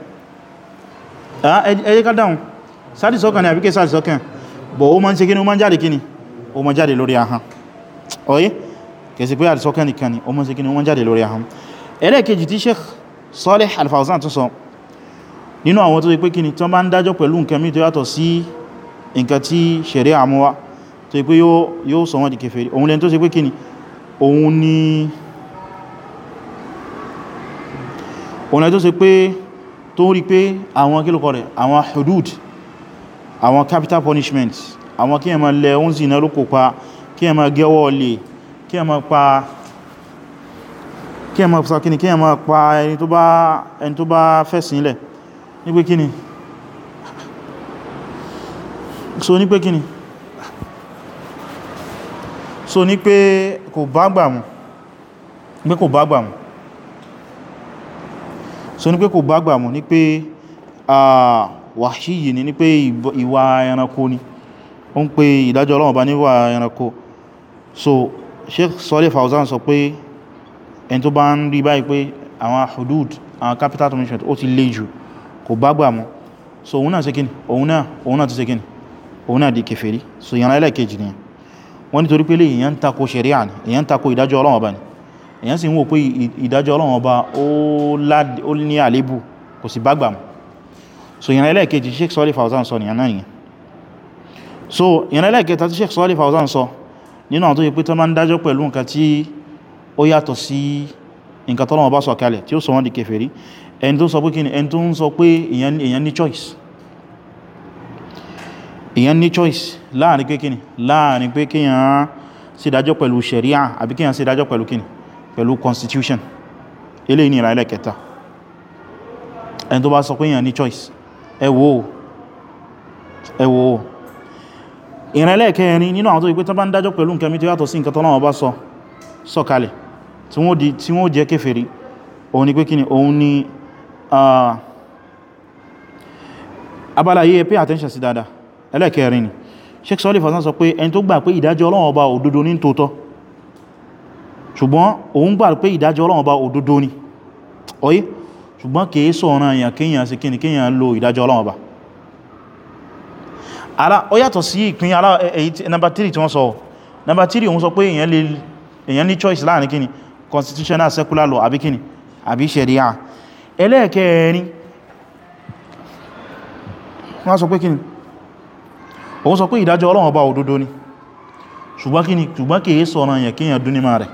S1: ẹjẹ́ ká dáhùn sàdìsọ́kàn ni àbíkẹ́ sàdìsọ́kàn bọ̀ ó ma ń ṣe kíni ó ma ń jáde kíni nínú àwọn tó yí pé kíni tán bá ń dájọ́ pẹ̀lú nǹkan mí tó yàtọ̀ sí nǹkan tí ṣẹ̀rẹ́ àmúwá tó yí pé yóò sọ wọ́n di kèfèrí òun lẹ́n tó ṣe pé kíni òun ni òun lẹ́n tó ṣe pé tó rí pé àwọn kílùkọ rẹ̀ àwọn hudud àwọn capital punishment àwọn kí ẹ ma lẹ oúnjẹ iná ló kò pa kí ẹ ma gẹ́wọ́ lè kí ẹ ma pa kí ẹ ma pa ẹni tó bá fẹ̀sìn lẹ̀ ní kíni so ní pé kíni so ní pé kò bá gbà mú ní pé kò bá gbà so ní pé kò bá gbà mú ní pé wàhíyì ni ní pé ìwà ẹranko ni ó ń pe ìdájọ́ Ọlọ́run bá níwà ẹranko so Sheikh Salih Fawzan sọ pé ẹni tó bá ń rí báyìí pé àwọn hudud àwọn capital punishment ó ti le jù kò bágbà mu so òun náà ṣe kíni òun náà òun náà ti ṣe kíni òun náà di kèfèrí so ìyànà ẹlẹ́ẹ̀kejì ni wọ́n nítorí pé léyìn èyàn ń tako ṣẹ̀ríà ni èyàn ń tako ìdájọ́ Ọlọ́run ọba ni èyàn sì ń wò pé ìdájọ́ Ọlọ́run ọba ó ní àlébù kò sì bágbà mu so ìyànà ẹlẹ́ẹ̀kejì Sheikh Sọ́lé Fawzan sọ so ìyànà ẹlẹ́ẹ̀kẹta tí Sheikh Sọ́lé Fawzan sọ nínú àwọn tó yẹ pé tó máa ń dájọ́ pẹ̀lú nǹkan tí ẹni tó sọ pé kíni ẹni tó ń sọ pé èyàn ní choice èyàn ní choice láàrin pé ni láàrin pé kíyàn sí dájọ́ pẹ̀lú sharia àbí kíyàn sí dájọ́ pẹ̀lú kíni pẹ̀lú constitution eléyìí ni ìrànlẹ̀ kẹta ẹni tó bá sọ pé èyàn ní choice ẹ wò ẹ wò ìrànlẹ̀ kẹrin nínú àwọn tó ipé tán bá ń dájọ́ pẹ̀lú nǹkan mi tó yàtọ̀ sí nǹkan tọ́lọ́wọ́ bá sọ sọ̀kalẹ̀ tí wọ́n jẹ́ kéfèrí òun ni pé kíni òun ni Ah, abala yìí pay attention sí dáadáa ẹlẹ́kẹrin ni Sheikh Sọ́lé Fàsán sọ pé ẹni tó gbà pé ìdájọ́ Ọlọ́run ọba òdodo ní tòótọ́ ṣùgbọ́n òun gbà pé ìdájọ́ Ọlọ́run ọba òdodo ni ọyí ṣùgbọ́n kìí sọ̀rọ̀ èèyàn kíyàn sí kíni kíyàn lo ìdájọ́ Ọlọ́run ọba ara ó yàtọ̀ sí ìpín ara number 3 tí wọ́n sọ number 3 òun sọ pé èèyàn ní choice láàrin kíni constitutional secular law àbí kíni àbí sharia ẹlẹ́ẹ̀kẹ́ẹ̀rin wọ́n sọ pé kíni òun sọ pé ìdájọ́ Ọlọ́run ọba òdodo ni ṣùgbọ́n kíni ṣùgbọ́n kìí sọ̀rọ̀ yẹn kíyàn dún ní máa rẹ̀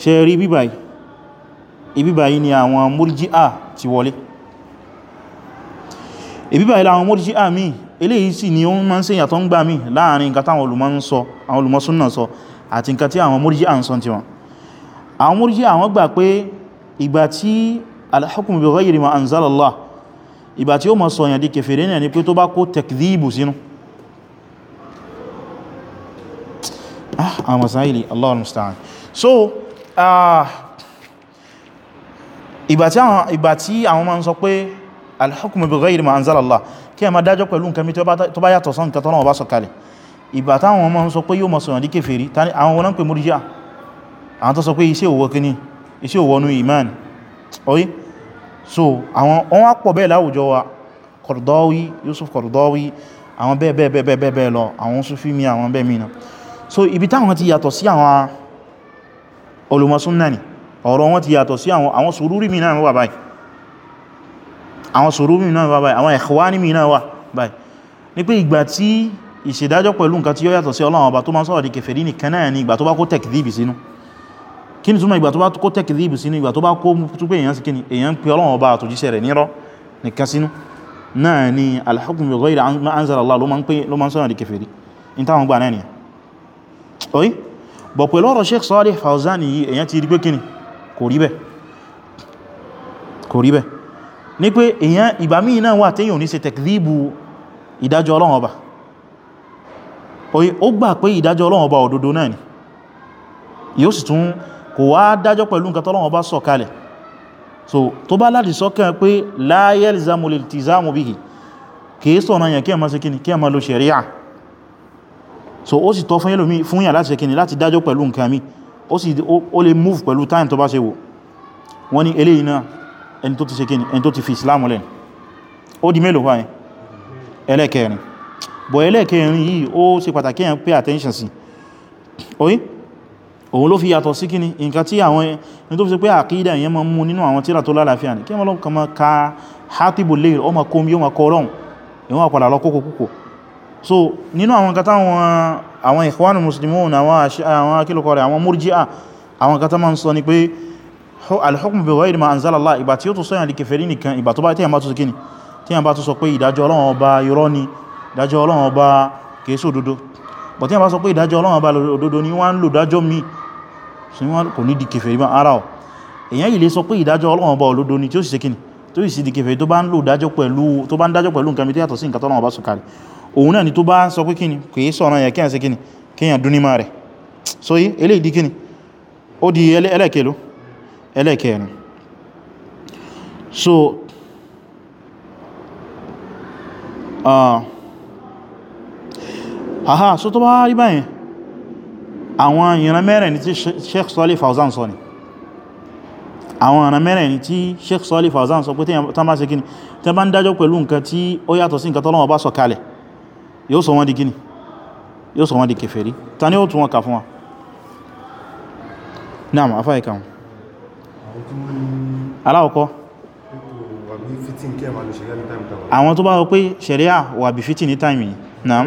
S1: ṣe rí bíbáyí ni àwọn múrjíà ti wọlé ibíbáyí láwọn múrjíà míì eléyìí sì ni ó máa ń ṣe ìyàtọ̀ ń gbà mi, láàrin nǹkan táwọn olùmọ̀ ń sọ àwọn olùmọ̀ súnnà sọ àti nǹkan tí àwọn múrjíà ń sọ tiwọn àwọn múrjíà wọ́n gbà pé ìgbà tí alhukmu bi ghayri ma anzala Allah ìgbà tí ó mọ̀ sọ̀yàn di kèfèrè náà ni pé tó bá kó tekdhibu sínú ah àwọn masáìlì Allah al-musta'an so ah, ìgbà tí àwọn máa ń sọ pé alhukmu bi ghayri ma anzala Allah kí a máa dájọ́ pẹ̀lú nǹkan mi tó bá yàtọ̀ sán nǹkan tọ́lọ́wọ́ bá sọ kalẹ̀ ìgbà táwọn máa ń sọ pé yóò mọ̀ sọ̀yàn di kèfèrè àwọn wọn ń pè murji'a àwọn tó sọ pé iṣẹ́ òwò kíní iṣẹ́ òwò nú iman oyi so àwọn wọ́n wá pọ̀ bẹ́ẹ̀ láwùjọ wa Qaradawi Yusuf Qaradawi àwọn bẹ́ẹ̀ bẹ́ẹ̀ bẹ́ẹ̀ bẹ́ẹ̀ bẹ́ẹ̀ lọ àwọn Sufi mi àwọn bẹ́ẹ̀ mìíràn so ibi táwọn ti yàtọ̀ sí àwọn olùmọ̀súnnà ni ọ̀rọ̀ wọn ti yàtọ̀ sí àwọn Sururi mi náà wà báyìí àwọn Sururi mi náà wà báyìí àwọn Ikhwani mi náà wà báyìí ní pé ìgbà tí ìṣèdájọ́ pẹ̀lú nǹkan tí ó yàtọ̀ sí Ọlọ́run ọba tó máa sọ̀rọ̀ di kèfèrí nìkan náà ni ìgbà tó bá kó tẹ̀kìdìbì sínú kí ni túnmọ̀ ìgbà tó bá kó tẹ́kìdìbì sínú ìgbà tó bá kó túnpé èyàn sí kí ni èyàn pè Ọlọ́run Ọba àtòjíṣẹ́ rẹ̀ nírọ́ nìkan sínú náà ni al-hukmu bi ghayri ma anzala Allah ló ma ń sọ́nà di kèfèrí in táwọn gbà náà ni oí bọ̀ pẹ̀lú ọ̀rọ̀ Sheikh Salih Fawzan yìí èyàn ti rí pé kíni kò rí bẹ́ẹ̀ kò rí bẹ́ẹ̀ yóò sì tún kò wá dájọ́ pẹ̀lú nǹkan tọ́lọ́wọ́ bá sọ kalẹ̀ so tó bá láti sọ́kàn pé la yalzamu liltizamu bihi kìí sọ̀nà yẹn kí ẹ ma ṣe kíni kí ẹ ma lo ṣẹ̀ríà so ó sì tọ́ fún yẹ́lòmí fún yà láti ṣe kíni láti dájọ́ pẹ̀lú nǹkan mi ó sì ó lè move pẹ̀lú time tó bá ṣe wò wọ́n ní eléyìí náà ẹni tó ti ṣe kíni ẹni tó ti fi Islam lẹ̀ ó di mélòó wáyé ẹlẹ́kẹrin bọ̀ ẹlẹ́kẹrin yìí ó ṣe pàtàkì yẹn pay attention sí oye okay? òun ló fi yàtọ̀ sí kíni nǹkan tí àwọn ẹni tó fi ṣe pé àkídà ìyẹn ma mú nínú àwọn tíra tó lálàáfíà ní kí wọ́n lọ́kàn máa ka hátìbò lè ọmọ kómi yóò ma kọ ọlọ́run ìwọ́n àpàdà lọ kókò púpọ̀ so nínú àwọn nǹkan táwọn àwọn ikhwanu muslimun àwọn akílùkọ rẹ̀ àwọn murji'a àwọn nǹkan tó máa ń al-hukmu bi ghayri anzala Allah ìgbà tí ó tó sọ yàn di kèfèrí nìkan ìgbà tó bá tíyàn bá tó kíni tíyàn bá tó sọ pé ìdájọ́ ọlọ́run ọba irọ́ ni ìdájọ́ òdodo bọ̀ tíyàn bá sọ pé ìdájọ́ ọlọ́run ọba òdodo ni wọ́n ń lò dájọ́ míì so wọ́n kò ní di kèfèrí bá ara ọ̀ èyàn yìí lè sọ pé ìdájọ́ Ọlọ́run bá olódo ni tí ó sì ṣe kíni tó sì di kèfèrí tó bá ń dájọ́ pẹ̀lú tó bá ń dájọ́ pẹ̀lú nǹkan mìí tó yàtọ̀ sí nǹkan tọ́lọ́run bá sọ̀kalẹ̀ òun náà ni tó bá sọ pé kíni kò yí sọ̀rọ̀ yẹ kíyàn sí kíni kíyàn dún níma rẹ̀ so yí eléyìí di kíni ó di ẹlẹ́kẹ̀ẹ́lú ẹlẹ́kẹ̀ẹ́rin so ah, aha so tó bá rí báyìí àwọn ìran mẹ́rẹ̀ẹ̀rin tí Sheikh Salih Fawzan sọ ni àwọn ìran mẹ́rẹ̀ẹ̀rin tí Sheikh Salih Fawzan sọ pé tán bá ṣe kíni tán bá ń dájọ́ pẹ̀lú nǹkan tí ó yàtọ̀ sí nǹkan tọ́lọ́wọ́ bá sọ kalẹ̀ yóò sọ wọ́n di kíni yóò sọ wọ́n di ta ni ó tún wọn kà fún wa naam afá ìka wọn aláwọ̀kọ́ àwọn tó bá wọ pé ṣẹ̀ríà wà bí fitin ní táìmì naam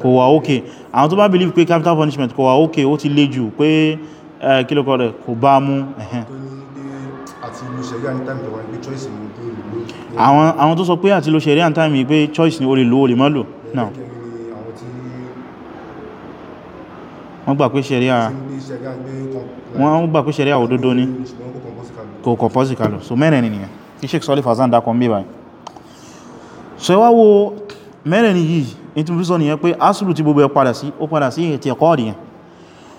S1: kò wà ókè àwọn tó bá believe pé capital punishment kò wà ókè ó ti lé jù pé kílòkọ́ rẹ̀ kò bá mú ẹ̀hẹ́n àwọn tó sọ pé àti lo ṣẹ̀rí àntàmì pé choice ni o lè lo o lè má lò náà wọ́n gbà pé ṣẹ̀rí à wọ́n gbà pé ṣẹ̀rí à òdodo ní kò kọ̀pọ̀síkà lò so mẹ́rin nìyàn kí Sheikh Sọ́lé dákọ̀ ń so ẹwà wo mẹ́rẹ̀ẹ̀rin yìí in tí mo sọ nìyẹn pé asùlù tí gbogbo ẹ padà sí ó padà sí ètì ẹ̀kọ́ ọ̀dìyàn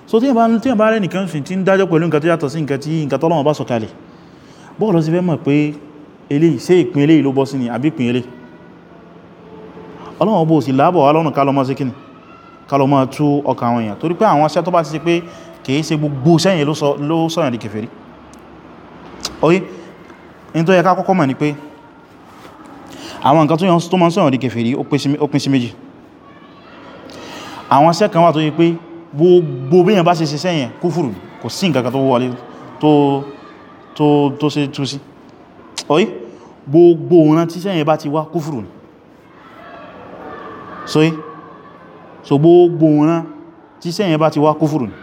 S1: so tí ìbá tí ìbá rẹ̀ nìkan fi tí ń dájọ́ pẹ̀lú nǹkan tó yàtọ̀ sí nǹkan tí nǹkan tọ́lọ́wọ́ bá sọ̀kalẹ̀ bọ́ọ̀lọ́ sí fẹ́ mọ̀ pé eléyìí ṣé ìpín eléyìí ló bọ́ sí ni àbí ìpín eléyìí ọlọ́wọ́ bó sì láàbọ̀ wá lọ́nà kálọ́mọ́ sí kíni kálọ́mọ́ tú ọkà àwọn èèyàn torí pé àwọn aṣẹ́ tó bá ti ṣe pé kìí ṣe gbogbo sẹ́yìn ló sọ̀yàn di kèfèrí oye in tó yẹ ká kọ́kọ́ mọ̀ ni pé àwọn nǹkan tó yàn tó máa sọ̀rọ̀ di kèfèrí ó pín sí méjì àwọn sẹ́kàn wà tó yí pé gbogbo bíyàn bá ṣe ṣe sẹ́yìn kúfùrù kò sí nǹkan tó wọlé tó ṣe tú sí ọ̀yí gbogbo ọ̀nà tí sẹ́yìn bá ti wá kúfùrù ni so yí so gbogbo ọ̀nà tí sẹ́yìn bá ti wá kúfùrù ni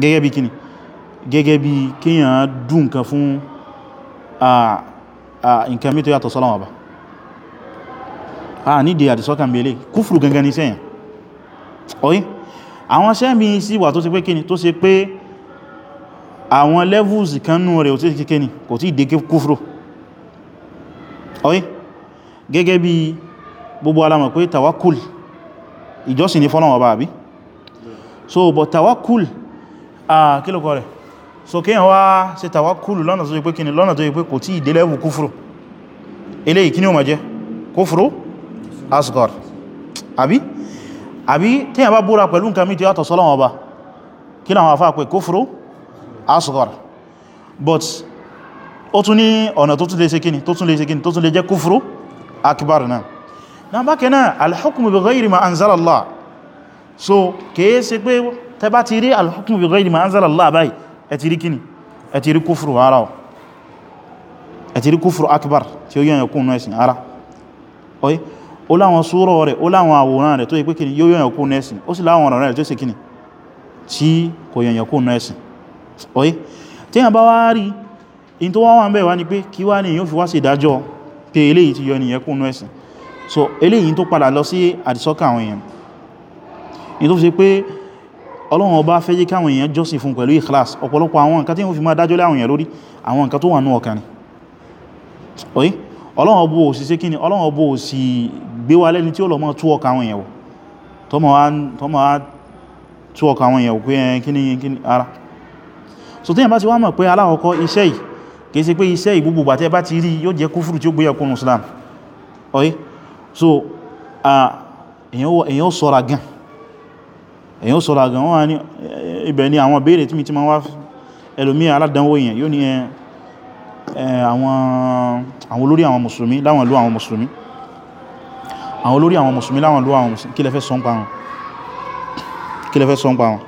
S1: gẹ́gẹ́ bí kíni gẹ́gẹ́ bí kíyàn dùn nǹkan fún Ah, nǹkan mí tó yàtọ̀ sọ́lọ́wọ́ bá a ah, ní dìyà àdìsọ́kàn belé kúfùrù gangan ní sẹ́yìn oyi àwọn sẹ́mí sí wà tó ṣe pé kíni tó ṣe pé àwọn levels kanú rẹ̀ ò tí kíkẹ́ ni kò tí ìdíkẹ́ kúfùrù oyi gẹ́gẹ́ bí gbogbo alamọ̀ pé tawakul ìjọsìn ní fọ́lọ́wọ́ bá àbí so but tawakul ah kílòkọ́ rẹ̀ so kí wá ṣe tàwákùlù lọ́nà tó yí pé kíni lọ́nà tó yí pé kò tí ìdé level kúfùrù eléyìí kí ni ó ma jẹ́ kúfùrù asghar àbí àbí tí a bá búra pẹ̀lú nǹkan mítí yàtọ̀ sọ́lọ́wọ́ ọba kí náà wà fà pé kúfùrù asghar but ó tún ní ọ̀nà tó tún lè ṣe akbar náà na bákẹ́ náà alhukmu bi ghayri ma anzala Allah so kèé ṣe pé tẹ bá ti rí ma anzala Allah báyìí ẹ̀tì rí kíni ẹ̀tì rí kúfùrù ara ọ̀ ẹ̀tì rí kúfùrù akbar tí ó yọ ẹ̀kún ẹ̀sìn ara ọ̀yí ó láwọn súrọ̀ rẹ̀ ó láwọn àwòrán rẹ̀ tó yẹ pé kíni yóò yọ ẹ̀kún ẹ̀sìn ó sì láwọn ọ̀rọ̀ rẹ̀ tó sì kíni tí kò yọ ẹ̀kún ẹ̀sìn ọ̀yí tí yàn bá wá rí in tó wá wà ń bẹ̀ wá ni pé kí wá ní yóò fi wá sí ìdájọ́ pé eléyìí ti yọ ní ẹ̀kún ẹ̀sìn so eléyìí tó padà lọ sí àdìsọ́kà àwọn èèyàn in tó fi pé ọlọ́run ọba fẹ́ jẹ́ káwọn èèyàn jọ́sìn fún pẹ̀lú ikhlas ọ̀pọ̀lọpọ̀ àwọn nǹkan tí wọ́n fi máa dájọ́ láwọn èèyàn lórí àwọn nǹkan tó wà ní ọkàn ni oye ọlọ́run ọbọ̀ òsì sí kíni ọlọ́run ọbọ̀ òsì gbé wa lẹ́ni tí ó lọ mọ́ tú ọkà ara so tí yẹn bá ti wá mọ̀ pé alákọ̀ọ́kọ́ iṣẹ́ yìí kìí ṣe pé iṣẹ́ ìgbogbo bàtẹ́ bá ti rí so èèyàn ṣọ́ra gan èyàn sọ́rọ̀ àgbà wọ́n ní ibẹ̀ ni àwọn béèrè tí mi ti ma wá ẹlòmí aládánwò èyàn yóò ní àwọn olórí àwọn mùsùlùmí láwọn ìlú àwọn mùsùlùmí àwọn olórí àwọn mùsùlùmí láwọn ìlú àwọn mùsùlùmí kí lẹ fẹ́ sọ nípa wọn kí lẹ fẹ́ sọ nípa wọn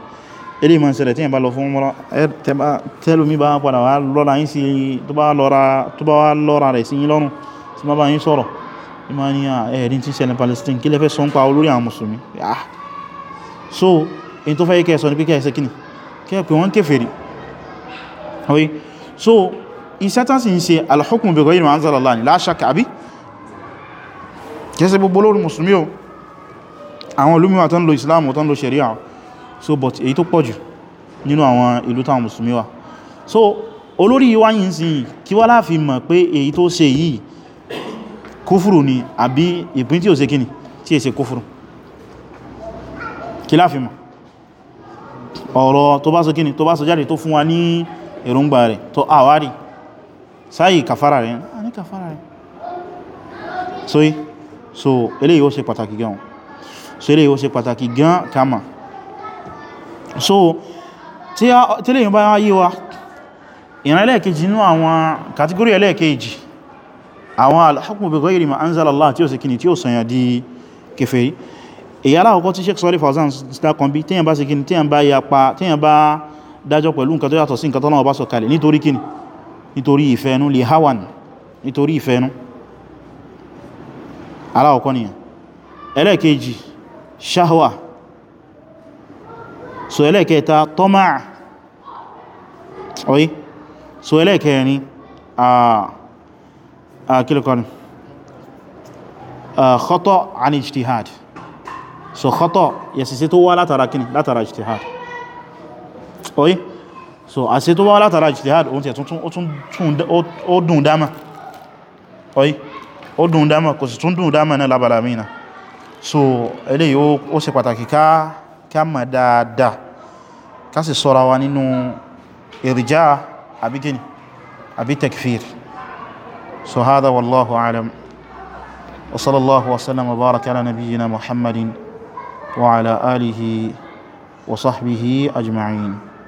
S1: eré ìmọ̀ ìṣẹ̀lẹ̀ tí yẹn bá lọ fún mọ́ra tẹ́lómi bá padà wá lọ́ra yín sí tó bá wá lọ́ra rẹ̀ sí yín lọ́rùn tí má bá yín sọ̀rọ̀ ìmọ̀ ni ẹ̀ẹ́dín tí ń Palestine kí lẹ fẹ́ sọ nípa olórí àwọn mùsùlùmí so in tó fẹ́ kẹ́ sọ ní pé kẹ́ ṣe kíni kẹ́ pé wọ́n kèfèrí oye so iṣẹ́ tán sì ń ṣe al-hukmu bighayri ma anzala Allah ni la shakka àbí kẹsẹ̀ gbogbo lórí musulmi o àwọn olúmíwà tán lo islam tán lo sharia so but èyí tó pọ̀jù nínú àwọn ìlú táwọn musulmi wà so olórí wá yìí sí kí wá láàfi mọ̀ pé èyí tó ṣe yìí kúfùrù ni àbí ìpín tí ò ṣe kíni tí è ṣe kúfùrù kí láfi mọ̀ ọ̀rọ̀ tó bá sọ kíni tó bá sọ jáde tó fún wa ní èròǹgbà rẹ̀ tó àwárí sáyì kàfàrà rẹ̀ a ní kàfàrà rẹ̀ so yí so eléyìí ó ṣe pàtàkì gan so eléyìí ó ṣe pàtàkì gan kama so tí lè bá yí wa ìran ẹlẹ́ẹ̀kejì nínú àwọn kàtígórí ẹlẹ́ẹ̀kejì àwọn al-hukmu bi ghayri Allah tí ó ṣe kíni tí ó sọ̀yàn di kèfèrí èyàn alákọ̀ọ́kọ́ tí Sheikh Sọ́lé Fawzan dákan bí tíyàn bá ṣe kíni tíyàn bá yapa tíyàn bá dájọ́ pẹ̀lú nǹkan tó yàtọ̀ sí nǹkan tọ́lọ́wọ́ bá sọ kalẹ̀ nítorí kíni nítorí ìfẹ́nu lè hawan nítorí ìfẹ́nu alákọ̀ọ́kọ́ nìyàn ẹlẹ́ẹ̀kejì shahwa so ẹlẹ́ẹ̀kẹta tọ́mà ọ̀yí so ẹlẹ́ẹ̀kẹrin àkílùkọ́ni khata an so khata yasise tó wá látara kíni látara ijtihad oye so àṣẹ tó wá látara ijtihad ohun tí ó tun tun o dùn dáma oye ó dùn dáma kò sì tún dùn dáma na lábàlá mìíràn so yo ó ṣe pàtàkì ká ká mọ̀ dáadáa ká se ṣọ́ra wa nínú irja àbí kíni àbí takfir so hada wallahu alam وصلى الله وسلم وبارك على نبينا محمد وعلى آله وصحبه أجمعين